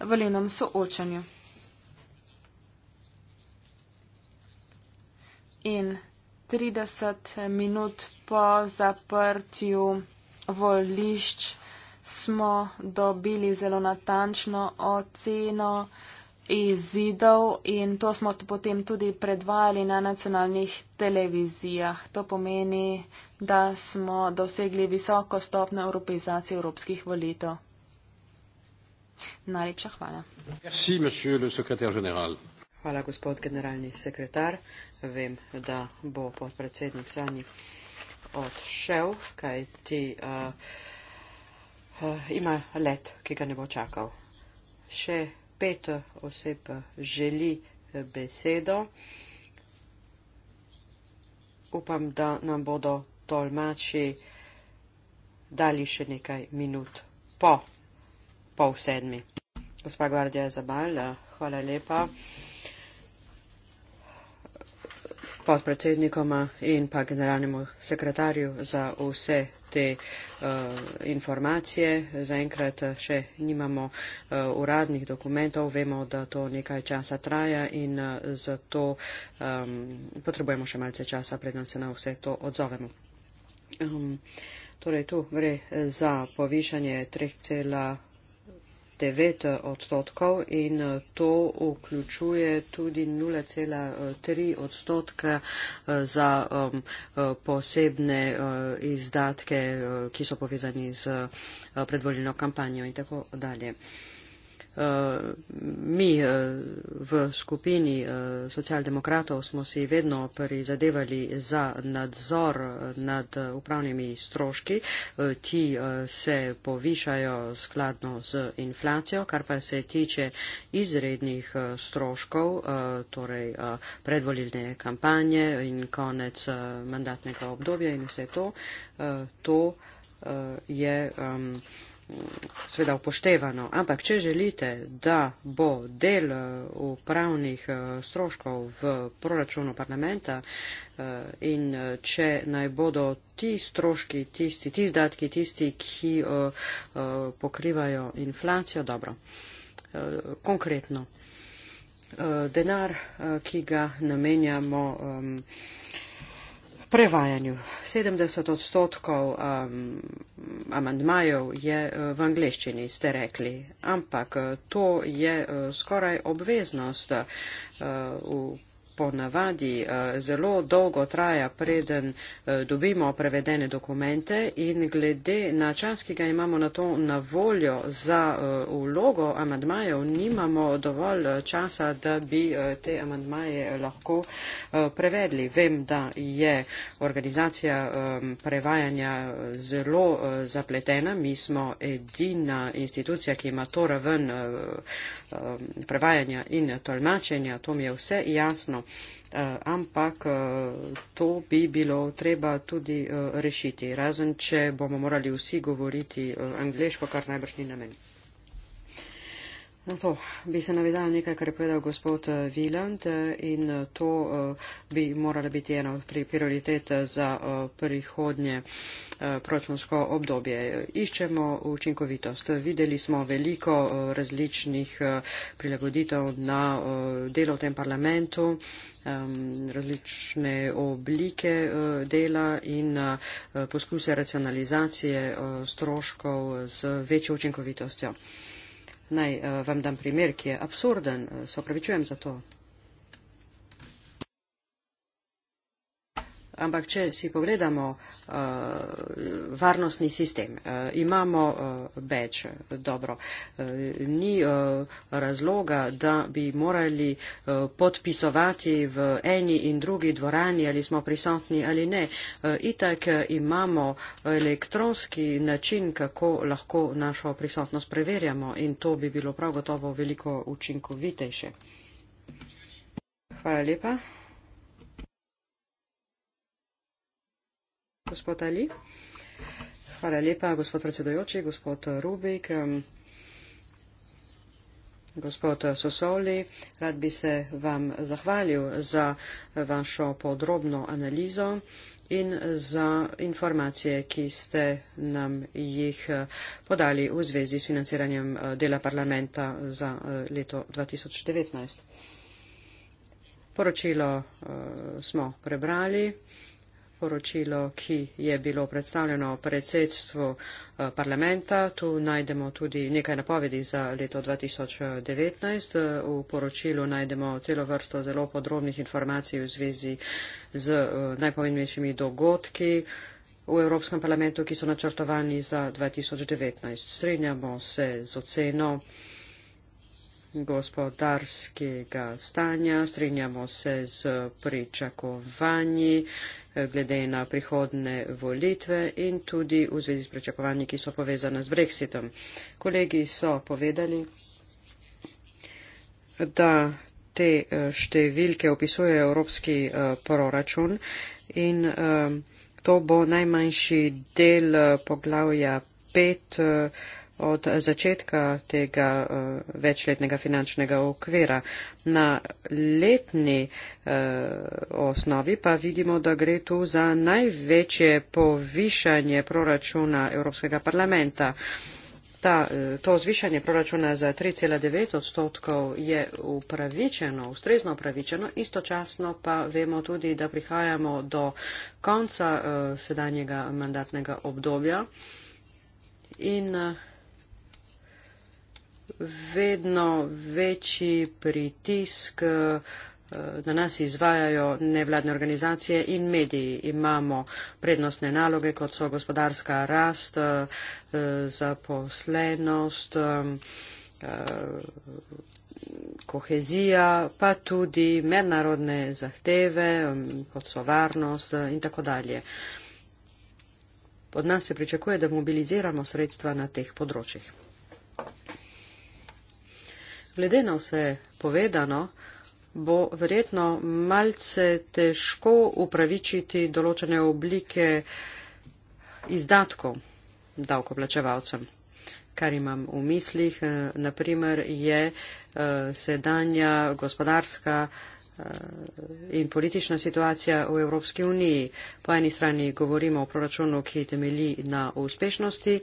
volivnem soočanju. In 30 minut po zaprtju volišč smo dobili zelo natančno oceno izidov in to smo potem tudi predvajali na nacionalnih televizijah. To pomeni, da smo dosegli visoko stopno europeizacije evropskih volitev. Najlepša hvala. Merci, hvala, gospod generalni sekretar. Vem, da bo podpredsednik Sani odšel, kaj ti uh, eh, uh, eh, ima let, ki ga ne bo čakal. Še pet oseb želi eh, besedo. Upam, da nam bodo tolmači dali še nekaj minut po pol sedmi. Gospa Gvardija Zabal, eh, hvala lepa podpredsednikoma in pa generalnemu sekretarju za vse te uh, informacije. Zaenkrat eh, še nimamo uh, uradnih dokumentov, vemo, da to nekaj časa traja in uh, zato um, potrebujemo še malce časa, predem se na vse to odzovemo. Um, torej, tu gre za povišanje 3,5. 9 odstotkov in eh, to vključuje tudi 0,3 eh, odstotka eh, za um, posebne izdatke, ki so povezani z predvoljeno kampanjo in tako dalje. Eh, mi eh, v skupini eh, socialdemokratov smo si vedno prizadevali za nadzor nad upravnimi stroški, ki se povišajo skladno z inflacijo, kar pa se tiče izrednih stroškov, torej predvolilne kampanje in konec mandatnega obdobja in vse to, to je. Um, seveda upoštevano. Ampak, če želite, da bo del eh, upravnih eh, stroškov v proračunu parlamenta eh, in če naj bodo ti stroški, tisti, ti izdatki, tisti, ki pokrivajo inflacijo, dobro. Konkretno, denar, ki ga namenjamo prevajanju. 70 odstotkov um, amandmajev je uh, v angleščini, ste rekli, ampak uh, to je uh, skoraj obveznost uh, v ponavadi eh, zelo dolgo traja, preden eh, dobimo prevedene dokumente in glede na čas, ki ga imamo na to na voljo za eh, vlogo amadmajev, nimamo dovolj časa, da bi te amadmaje lahko prevedli. Vem, da je organizacija prevajanja zelo zapletena. Mi smo edina institucija, ki ima to raven prevajanja in tolmačenja. To mi je vse jasno. Eh, ampak eh, to bi bilo treba tudi eh, rešiti, razen če bomo morali vsi govoriti angliško, kar najbrž ni namen. No to bi se navedalo nekaj, kar je povedal gospod eh, Viland eh, in eh, to bi morala biti ena od prioritet za prihodnje proračunsko obdobje. Iščemo učinkovitost. Videli smo veliko različnih prilagoditev na delo v tem parlamentu različne oblike dela in poskuse racionalizacije stroškov z večjo učinkovitostjo. Naj uh, vam dam primer, ki je absurden, uh, se opravičujem za to. Ampak, če si pogledamo uh, varnostni sistem, uh, imamo uh, beč, dobro, uh, ni uh, razloga, da bi morali uh, podpisovati v eni in drugi dvorani, ali smo prisotni ali ne. Uh, itak uh, imamo elektronski način, kako lahko našo prisotnost preverjamo in to bi bilo prav gotovo veliko učinkovitejše. Hvala lepa. gospod Ali. Hvala lepa, gospod predsedojoči, gospod Rubik, gospod Sosoli. Rad bi se vam zahvalil za vašo podrobno analizo in za informacije, ki ste nam jih eh, podali v zvezi s financiranjem eh, dela parlamenta za eh, leto 2019. Poročilo smo prebrali poročilo, ki je bilo predstavljeno predsedstvu eh, parlamenta. Tu najdemo tudi nekaj napovedi za leto 2019. Eh, v poročilu najdemo celo vrsto zelo podrobnih informacij v zvezi z eh, najpomembnejšimi dogodki v Evropskem parlamentu, ki so načrtovani za 2019. Srenjamo se z oceno gospodarskega stanja, strinjamo se z pričakovanji glede na prihodne volitve in tudi v zvezi s pričakovanji, ki so povezane z brexitom. Kolegi so povedali, da te eh, številke opisuje evropski eh, proračun in eh, to bo najmanjši del poglavja 5 od začetka tega uh, večletnega finančnega okvira. Na letni uh, osnovi pa vidimo, da gre tu za največje povišanje proračuna Evropskega parlamenta. Ta, eh, to zvišanje proračuna za 3,9 odstotkov je upravičeno, ustrezno upravičeno, istočasno pa vemo tudi, da prihajamo do konca uh, sedanjega mandatnega obdobja. In, uh, vedno večji pritisk eh, na nas izvajajo nevladne organizacije in mediji. Imamo prednostne naloge, kot so gospodarska rast, eh, zaposlenost, eh, kohezija, pa tudi mednarodne zahteve, mm, kot so varnost in tako dalje. Od nas se pričakuje, da mobiliziramo sredstva na teh področjih. Glede na vse povedano, bo verjetno malce težko upravičiti določene oblike izdatkov davkoplačevalcem. Kar imam v mislih, eh, naprimer, je eh, sedanja gospodarska eh, in politična situacija v Evropski uniji. Po eni strani govorimo o proračunu, ki temeli na uspešnosti.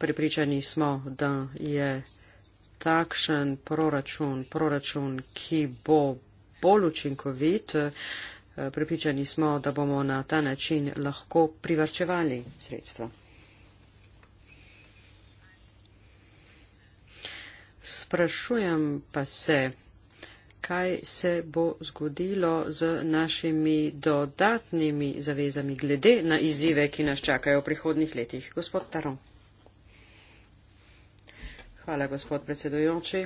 Pripričani smo, da je takšen proračun, proračun, ki bo bolj učinkovit, eh, pripričani smo, da bomo na ta način lahko privrčevali sredstva. Sprašujem pa se, kaj se bo zgodilo z našimi dodatnimi zavezami glede na izzive, ki nas čakajo v prihodnih letih. Gospod Taron. Hvala, gospod predsedujoči.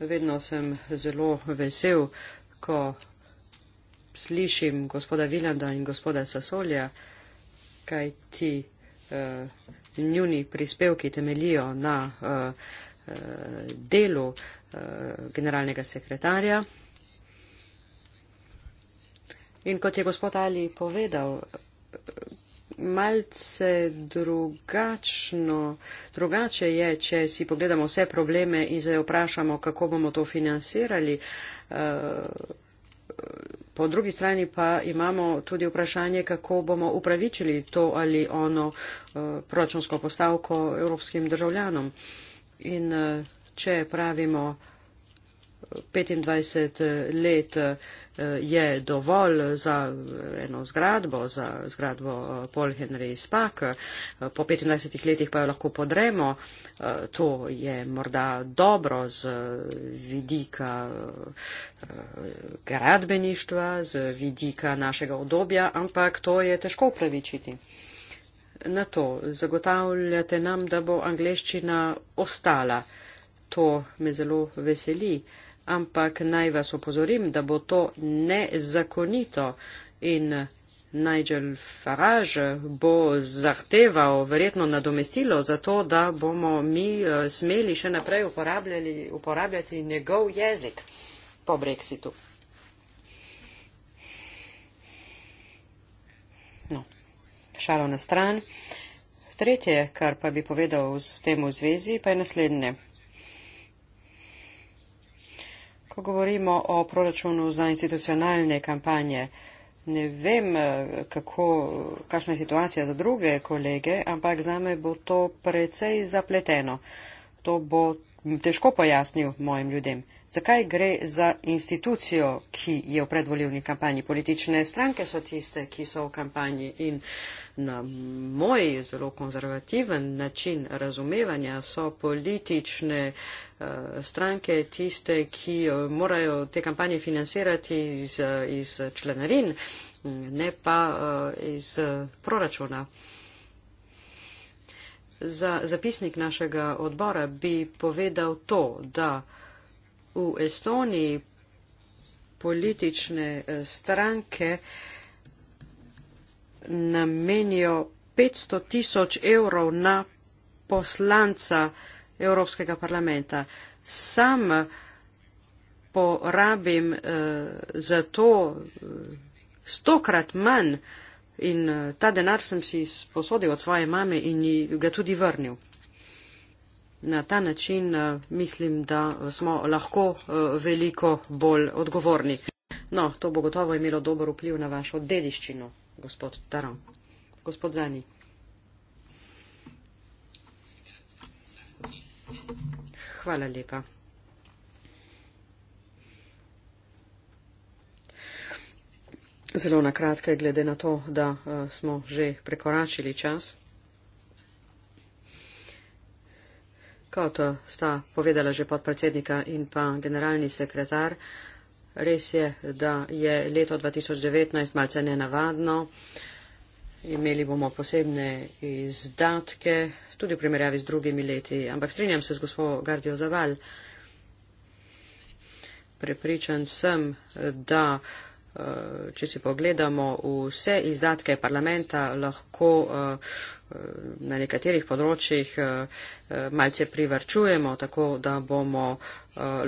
Vedno sem zelo vesel, ko slišim gospoda Vilanda in gospoda Sasolja, kaj ti uh, eh, njuni prispevki temelijo na uh, uh, delu uh, generalnega sekretarja. In kot je gospod Ali povedal, malce drugačno, drugače je, če si pogledamo vse probleme in se vprašamo, kako bomo to financirali. Eh, po drugi strani pa imamo tudi vprašanje, kako bomo upravičili to ali ono eh, proračunsko postavko evropskim državljanom. In eh, če pravimo 25 let Eh, je dovolj za eno zgradbo, za zgradbo eh, Paul Henry Spak. Eh, po 25 letih pa jo lahko podremo. To je morda dobro z vidika gradbeništva, z vidika našega odobja, ampak to je težko upravičiti. Na to zagotavljate nam, da bo angleščina ostala. To me zelo veseli. Uh, ampak naj vas opozorim, da bo to nezakonito in Nigel Farage bo zahteval verjetno nadomestilo za to, da bomo mi eh, smeli še naprej uporabljati njegov jezik po Brexitu. No, šalo na stran. Tretje, kar pa bi povedal s tem v zvezi, pa je naslednje. Ko govorimo o proračunu za institucionalne kampanje, ne vem, kako, kakšna je situacija za druge kolege, ampak za me bo to precej zapleteno. To bo težko pojasnil mojim ljudem. Zakaj gre za institucijo, ki je v predvoljivni kampanji? Politične stranke so tiste, ki so v kampanji in na moj zelo konzervativen način razumevanja so politične eh, stranke tiste, ki eh, morajo te kampanje financirati iz, eh, iz členarin, ne pa iz proračuna. Za zapisnik našega odbora bi povedal to, da v Estoniji politične eh, stranke namenijo 500 tisoč evrov na poslanca Evropskega parlamenta. Sam eh, porabim eh, za to eh, stokrat manj in ta denar sem si sposodil od svoje mame in ga tudi vrnil na ta način eh, mislim, da smo lahko eh, veliko bolj odgovorni. No, to bo gotovo imelo dober vpliv na vašo dediščino, gospod Taran. Gospod Zani. Hvala lepa. Zelo nakratka je glede na to, da eh, smo že prekoračili čas. Kot sta povedala že podpredsednika in pa generalni sekretar, res je, da je leto 2019 malce nenavadno. Imeli bomo posebne izdatke, tudi v primerjavi z drugimi leti. Ampak strinjam se z gospod Gardijo Zaval. Prepričan sem, da Eh, če si pogledamo vse izdatke parlamenta, lahko eh, eh, na nekaterih področjih malce privrčujemo, tako da bomo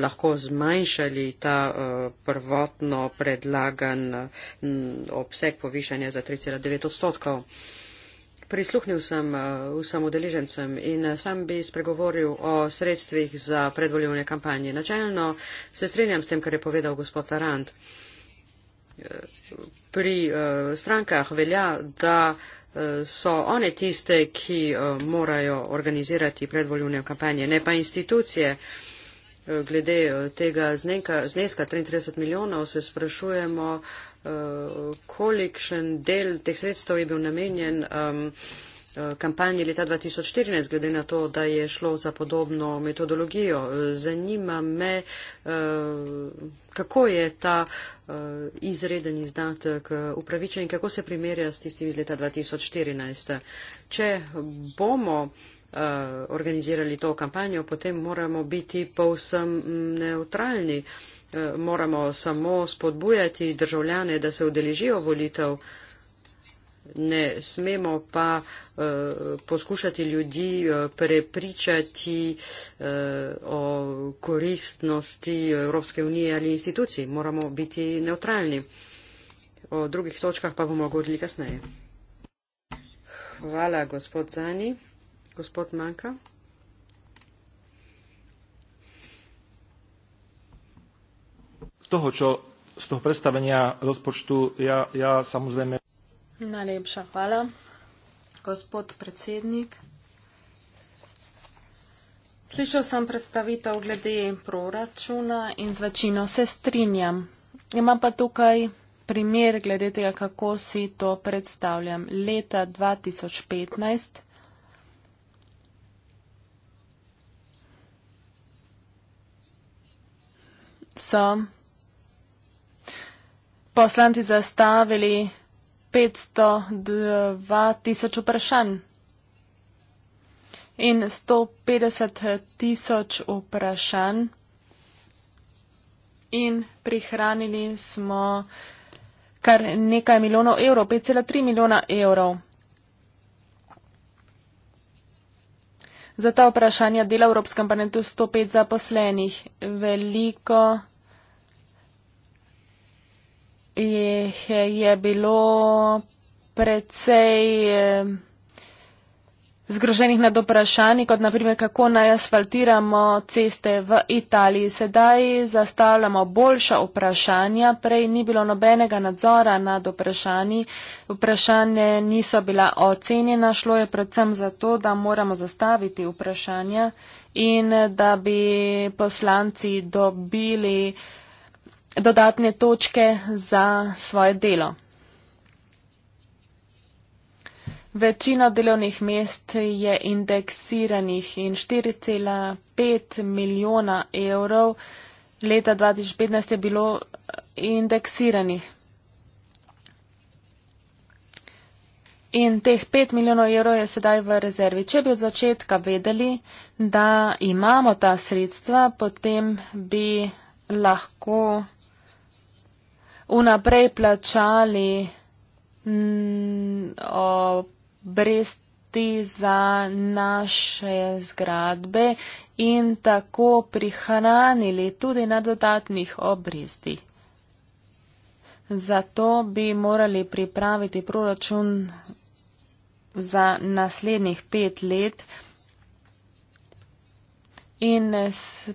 lahko zmanjšali ta prvotno predlagan mm, obseg povišanja za 3,9 odstotkov. Prisluhnil sem vsem udeležencem in sam bi spregovoril o sredstvih za predvoljivne kampanje. Načelno se strinjam s tem, kar je povedal gospod Arant pri eh, strankah velja, da eh, so one tiste, ki eh, morajo organizirati predvoljivne kampanje, ne pa institucije. Glede tega zneka, zneska 33 milijonov se sprašujemo, kolikšen del teh sredstev je bil namenjen. Um, Eh, kampanji leta 2014, glede na to, da je šlo za podobno metodologijo. Zanima me, eh, kako je ta eh, izreden izdatek upravičen in kako se primerja s tistim iz leta 2014. Če bomo organizirali to kampanjo, potem moramo biti povsem neutralni. Moramo samo spodbujati državljane, da se udeležijo volitev ne smemo pa uh, poskušati ljudi uh, prepričati uh, o koristnosti Evropske unije ali institucij. Moramo biti neutralni. O drugih točkah pa bomo govorili kasneje. Hvala, gospod Zani. Gospod Manka. Z toho, čo z toho predstavenia rozpočtu, ja, ja samozrejme. Najlepša hvala, gospod predsednik. Slišal sem predstavitev glede proračuna in z večino se strinjam. Imam pa tukaj primer glede tega, kako si to predstavljam. Leta 2015. so poslanci zastavili 500, 2000 vprašanj. In 150 tisoč vprašanj. In prihranili smo kar nekaj milijonov evrov, 5,3 milijona evrov. Za ta vprašanja dela v Evropskem parlamentu 105 zaposlenih. Veliko jih je bilo precej eh, zgroženih nad vprašanji, kot naprimer, kako naj asfaltiramo ceste v Italiji. Sedaj zastavljamo boljša vprašanja, prej ni bilo nobenega nadzora nad vprašanji, vprašanje niso bila ocenjena, šlo je predvsem zato, da moramo zastaviti vprašanja in da bi poslanci dobili eh, dodatne točke za svoje delo. Večina delovnih mest je indeksiranih in 4,5 milijona evrov leta 2015 je bilo eh, indeksiranih. In teh 5 milijonov evrov je sedaj v rezervi. Če bi od začetka vedeli, da imamo ta sredstva, potem bi lahko vnaprej plačali mm, obresti za naše zgradbe in tako prihranili tudi na dodatnih obresti. Zato bi morali pripraviti proračun za naslednjih pet let in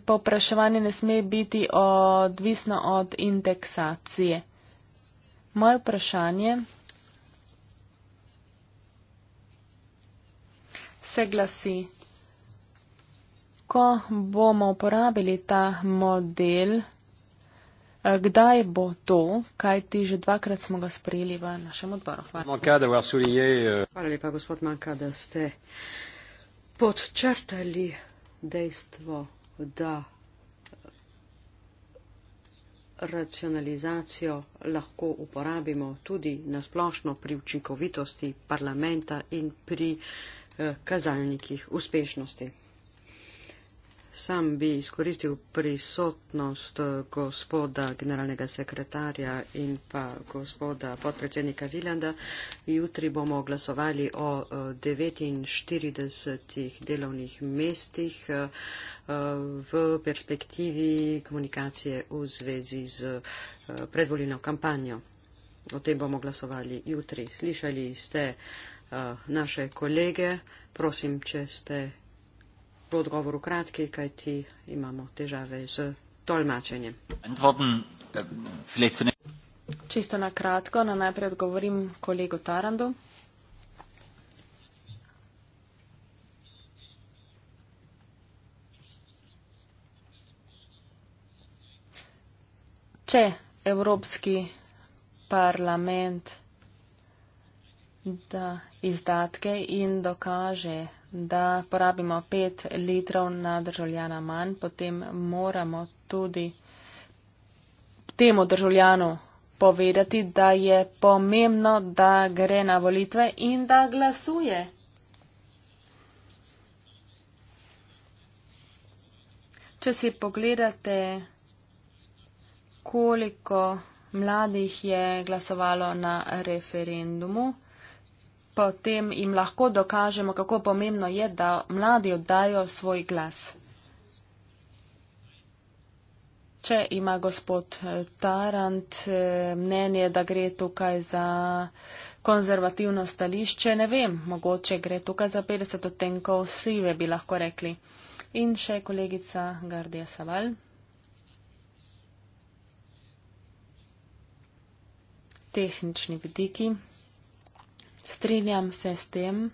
popraševanje ne sme biti odvisno od indeksacije. Moje vprašanje se glasi, ko bomo uporabili ta model, eh, kdaj bo to, kaj ti že dvakrat smo ga sprejeli v našem odboru. Hvala eh. lepa, gospod Manka, da ste podčrtali dejstvo, da racionalizacijo lahko uporabimo tudi na splošno pri učinkovitosti parlamenta in pri eh, kazalnikih uspešnosti. Sam bi izkoristil prisotnost gospoda generalnega sekretarja in pa gospoda podpredsednika Viljanda. Jutri bomo glasovali o 49 eh, delovnih mestih eh, v perspektivi komunikacije v zvezi z eh, predvoljeno kampanjo. O tem bomo glasovali jutri. Slišali ste naše kolege. Prosim, če ste V odgovoru kratki, kaj ti imamo težave z tolmačenjem. Äh, Čisto na kratko, na no, najprej odgovorim kolegu Tarandu. Če Evropski parlament da izdatke in dokaže da porabimo 5 litrov na državljana manj, potem moramo tudi temu državljanu povedati, da je pomembno, da gre na volitve in da glasuje. Če si pogledate, koliko mladih je glasovalo na referendumu, potem jim lahko dokažemo, kako pomembno je, da mladi oddajo svoj glas. Če ima gospod eh, Tarant eh, mnenje, da gre tukaj za konzervativno stališče, ne vem, mogoče gre tukaj za 50 odtenkov sive, bi lahko rekli. In še kolegica Gardija Saval. Tehnični vidiki. Strinjam se s tem,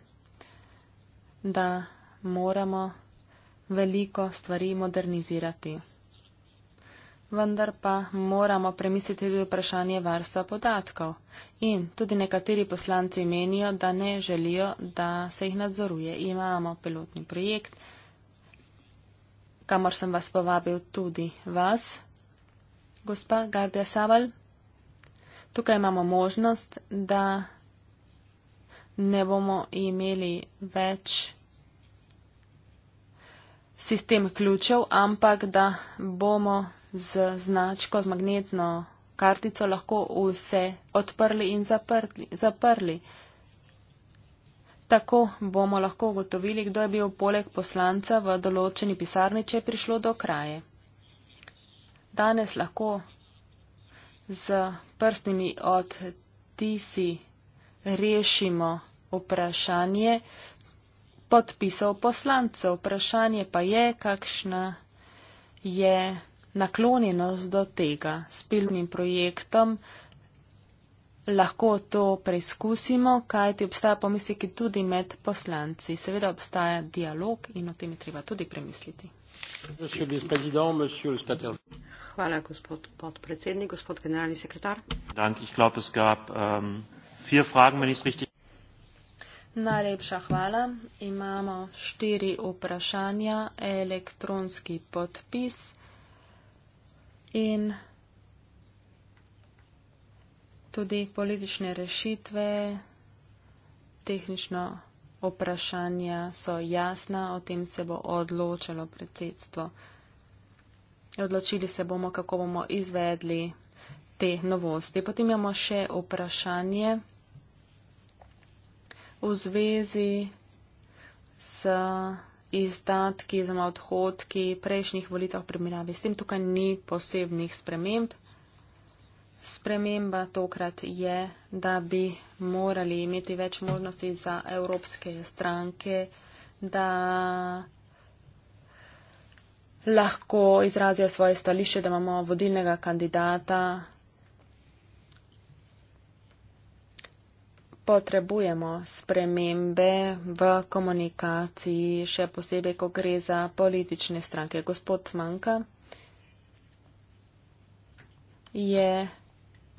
da moramo veliko stvari modernizirati. Vendar pa moramo premisliti tudi vprašanje varstva podatkov. In tudi nekateri poslanci menijo, da ne želijo, da se jih nadzoruje. Imamo pilotni projekt, kamor sem vas povabil tudi vas, gospa Gardia Saval. Tukaj imamo možnost, da ne bomo imeli več sistem ključev, ampak da bomo z značko, z magnetno kartico lahko vse odprli in zaprli. zaprli. Tako bomo lahko ugotovili, kdo je bil poleg poslanca v določeni pisarni, če je prišlo do kraje. Danes lahko z prstnimi odtisi rešimo vprašanje podpisov poslancev. Vprašanje pa je, kakšna je naklonjenost do tega s pilnim projektom. Lahko to preizkusimo, kaj ti obstaja pomisliki tudi med poslanci. Seveda obstaja dialog in o tem je treba tudi premisliti. Hvala, gospod podpredsednik, gospod generalni sekretar. Dank, ich glaub, es gab, um Vier Fragen, wenn ich es richtig. Najlepša hvala. Imamo štiri vprašanja, elektronski podpis in tudi politične rešitve, tehnično vprašanje so jasna, o tem se bo odločilo predsedstvo. Odločili se bomo, kako bomo izvedli te novosti. Potem imamo še vprašanje v zvezi s izdatki z odhodki prejšnjih volitev primerjavi. S tem tukaj ni posebnih sprememb. Sprememba tokrat je, da bi morali imeti več možnosti za evropske stranke, da lahko izrazijo svoje stališče, da imamo vodilnega kandidata potrebujemo spremembe v komunikaciji, še posebej, ko gre za politične stranke. Gospod Manka je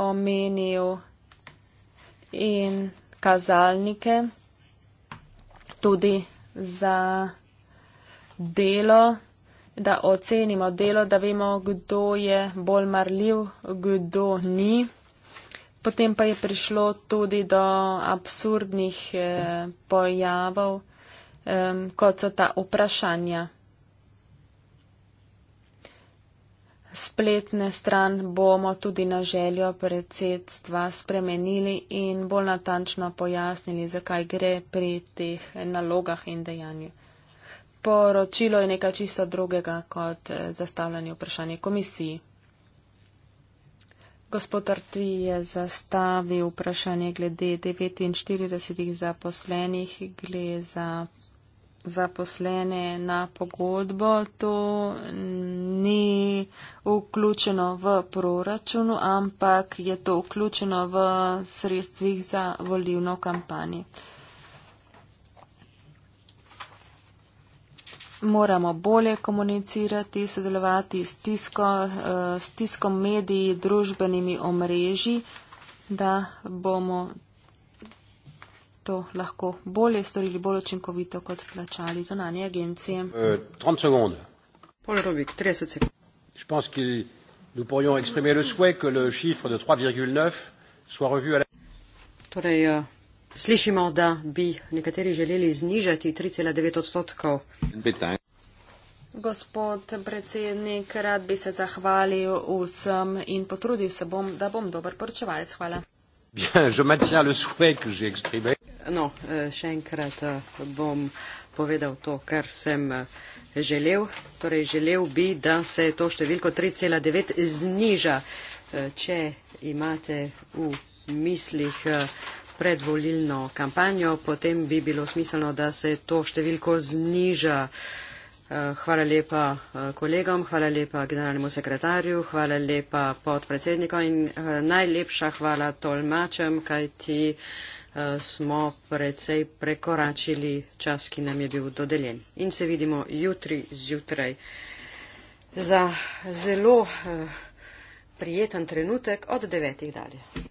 omenil in kazalnike tudi za delo, da ocenimo delo, da vemo, kdo je bolj marljiv, kdo ni. Potem pa je prišlo tudi do absurdnih eh, pojavov, eh, kot so ta vprašanja. Spletne stran bomo tudi na željo predsedstva spremenili in bolj natančno pojasnili, zakaj gre pri teh nalogah in dejanju. Poročilo je nekaj čisto drugega kot eh, zastavljanje vprašanja komisiji. Gospod Artvi je zastavil vprašanje glede 49 zaposlenih, gre za zaposlene na pogodbo. To ni vključeno v proračunu, ampak je to vključeno v sredstvih za volivno kampanjo. moramo bolje komunicirati, sodelovati s, tisko, eh, s tiskom mediji, družbenimi omrežji, da bomo to lahko bolje storili, bolj učinkovito, kot plačali zunanje agencije. 30 sekund. Polerovik, 30 sekund. Je pense, ki nous pourrions exprimer le souhait, que le chiffre de 3,9 soit revu à la. Torej, uh... Slišimo, da bi nekateri želeli znižati 3,9 odstotkov. Gospod predsednik, rad bi se zahvalil vsem in potrudil se bom, da bom dober poročevalec. Hvala. No, eh, še enkrat eh, bom povedal to, kar sem eh, želel. Torej, želel bi, da se to številko 3,9 zniža, če imate v mislih predvolilno kampanjo, potem bi bilo smiselno, da se to številko zniža. Eh, hvala lepa eh, kolegom, hvala lepa generalnemu sekretarju, hvala lepa podpredsednikom in eh, najlepša hvala tolmačem, kajti smo precej prekoračili čas, ki nam je bil dodeljen. In se vidimo jutri zjutraj za zelo prijeten trenutek od devetih dalje.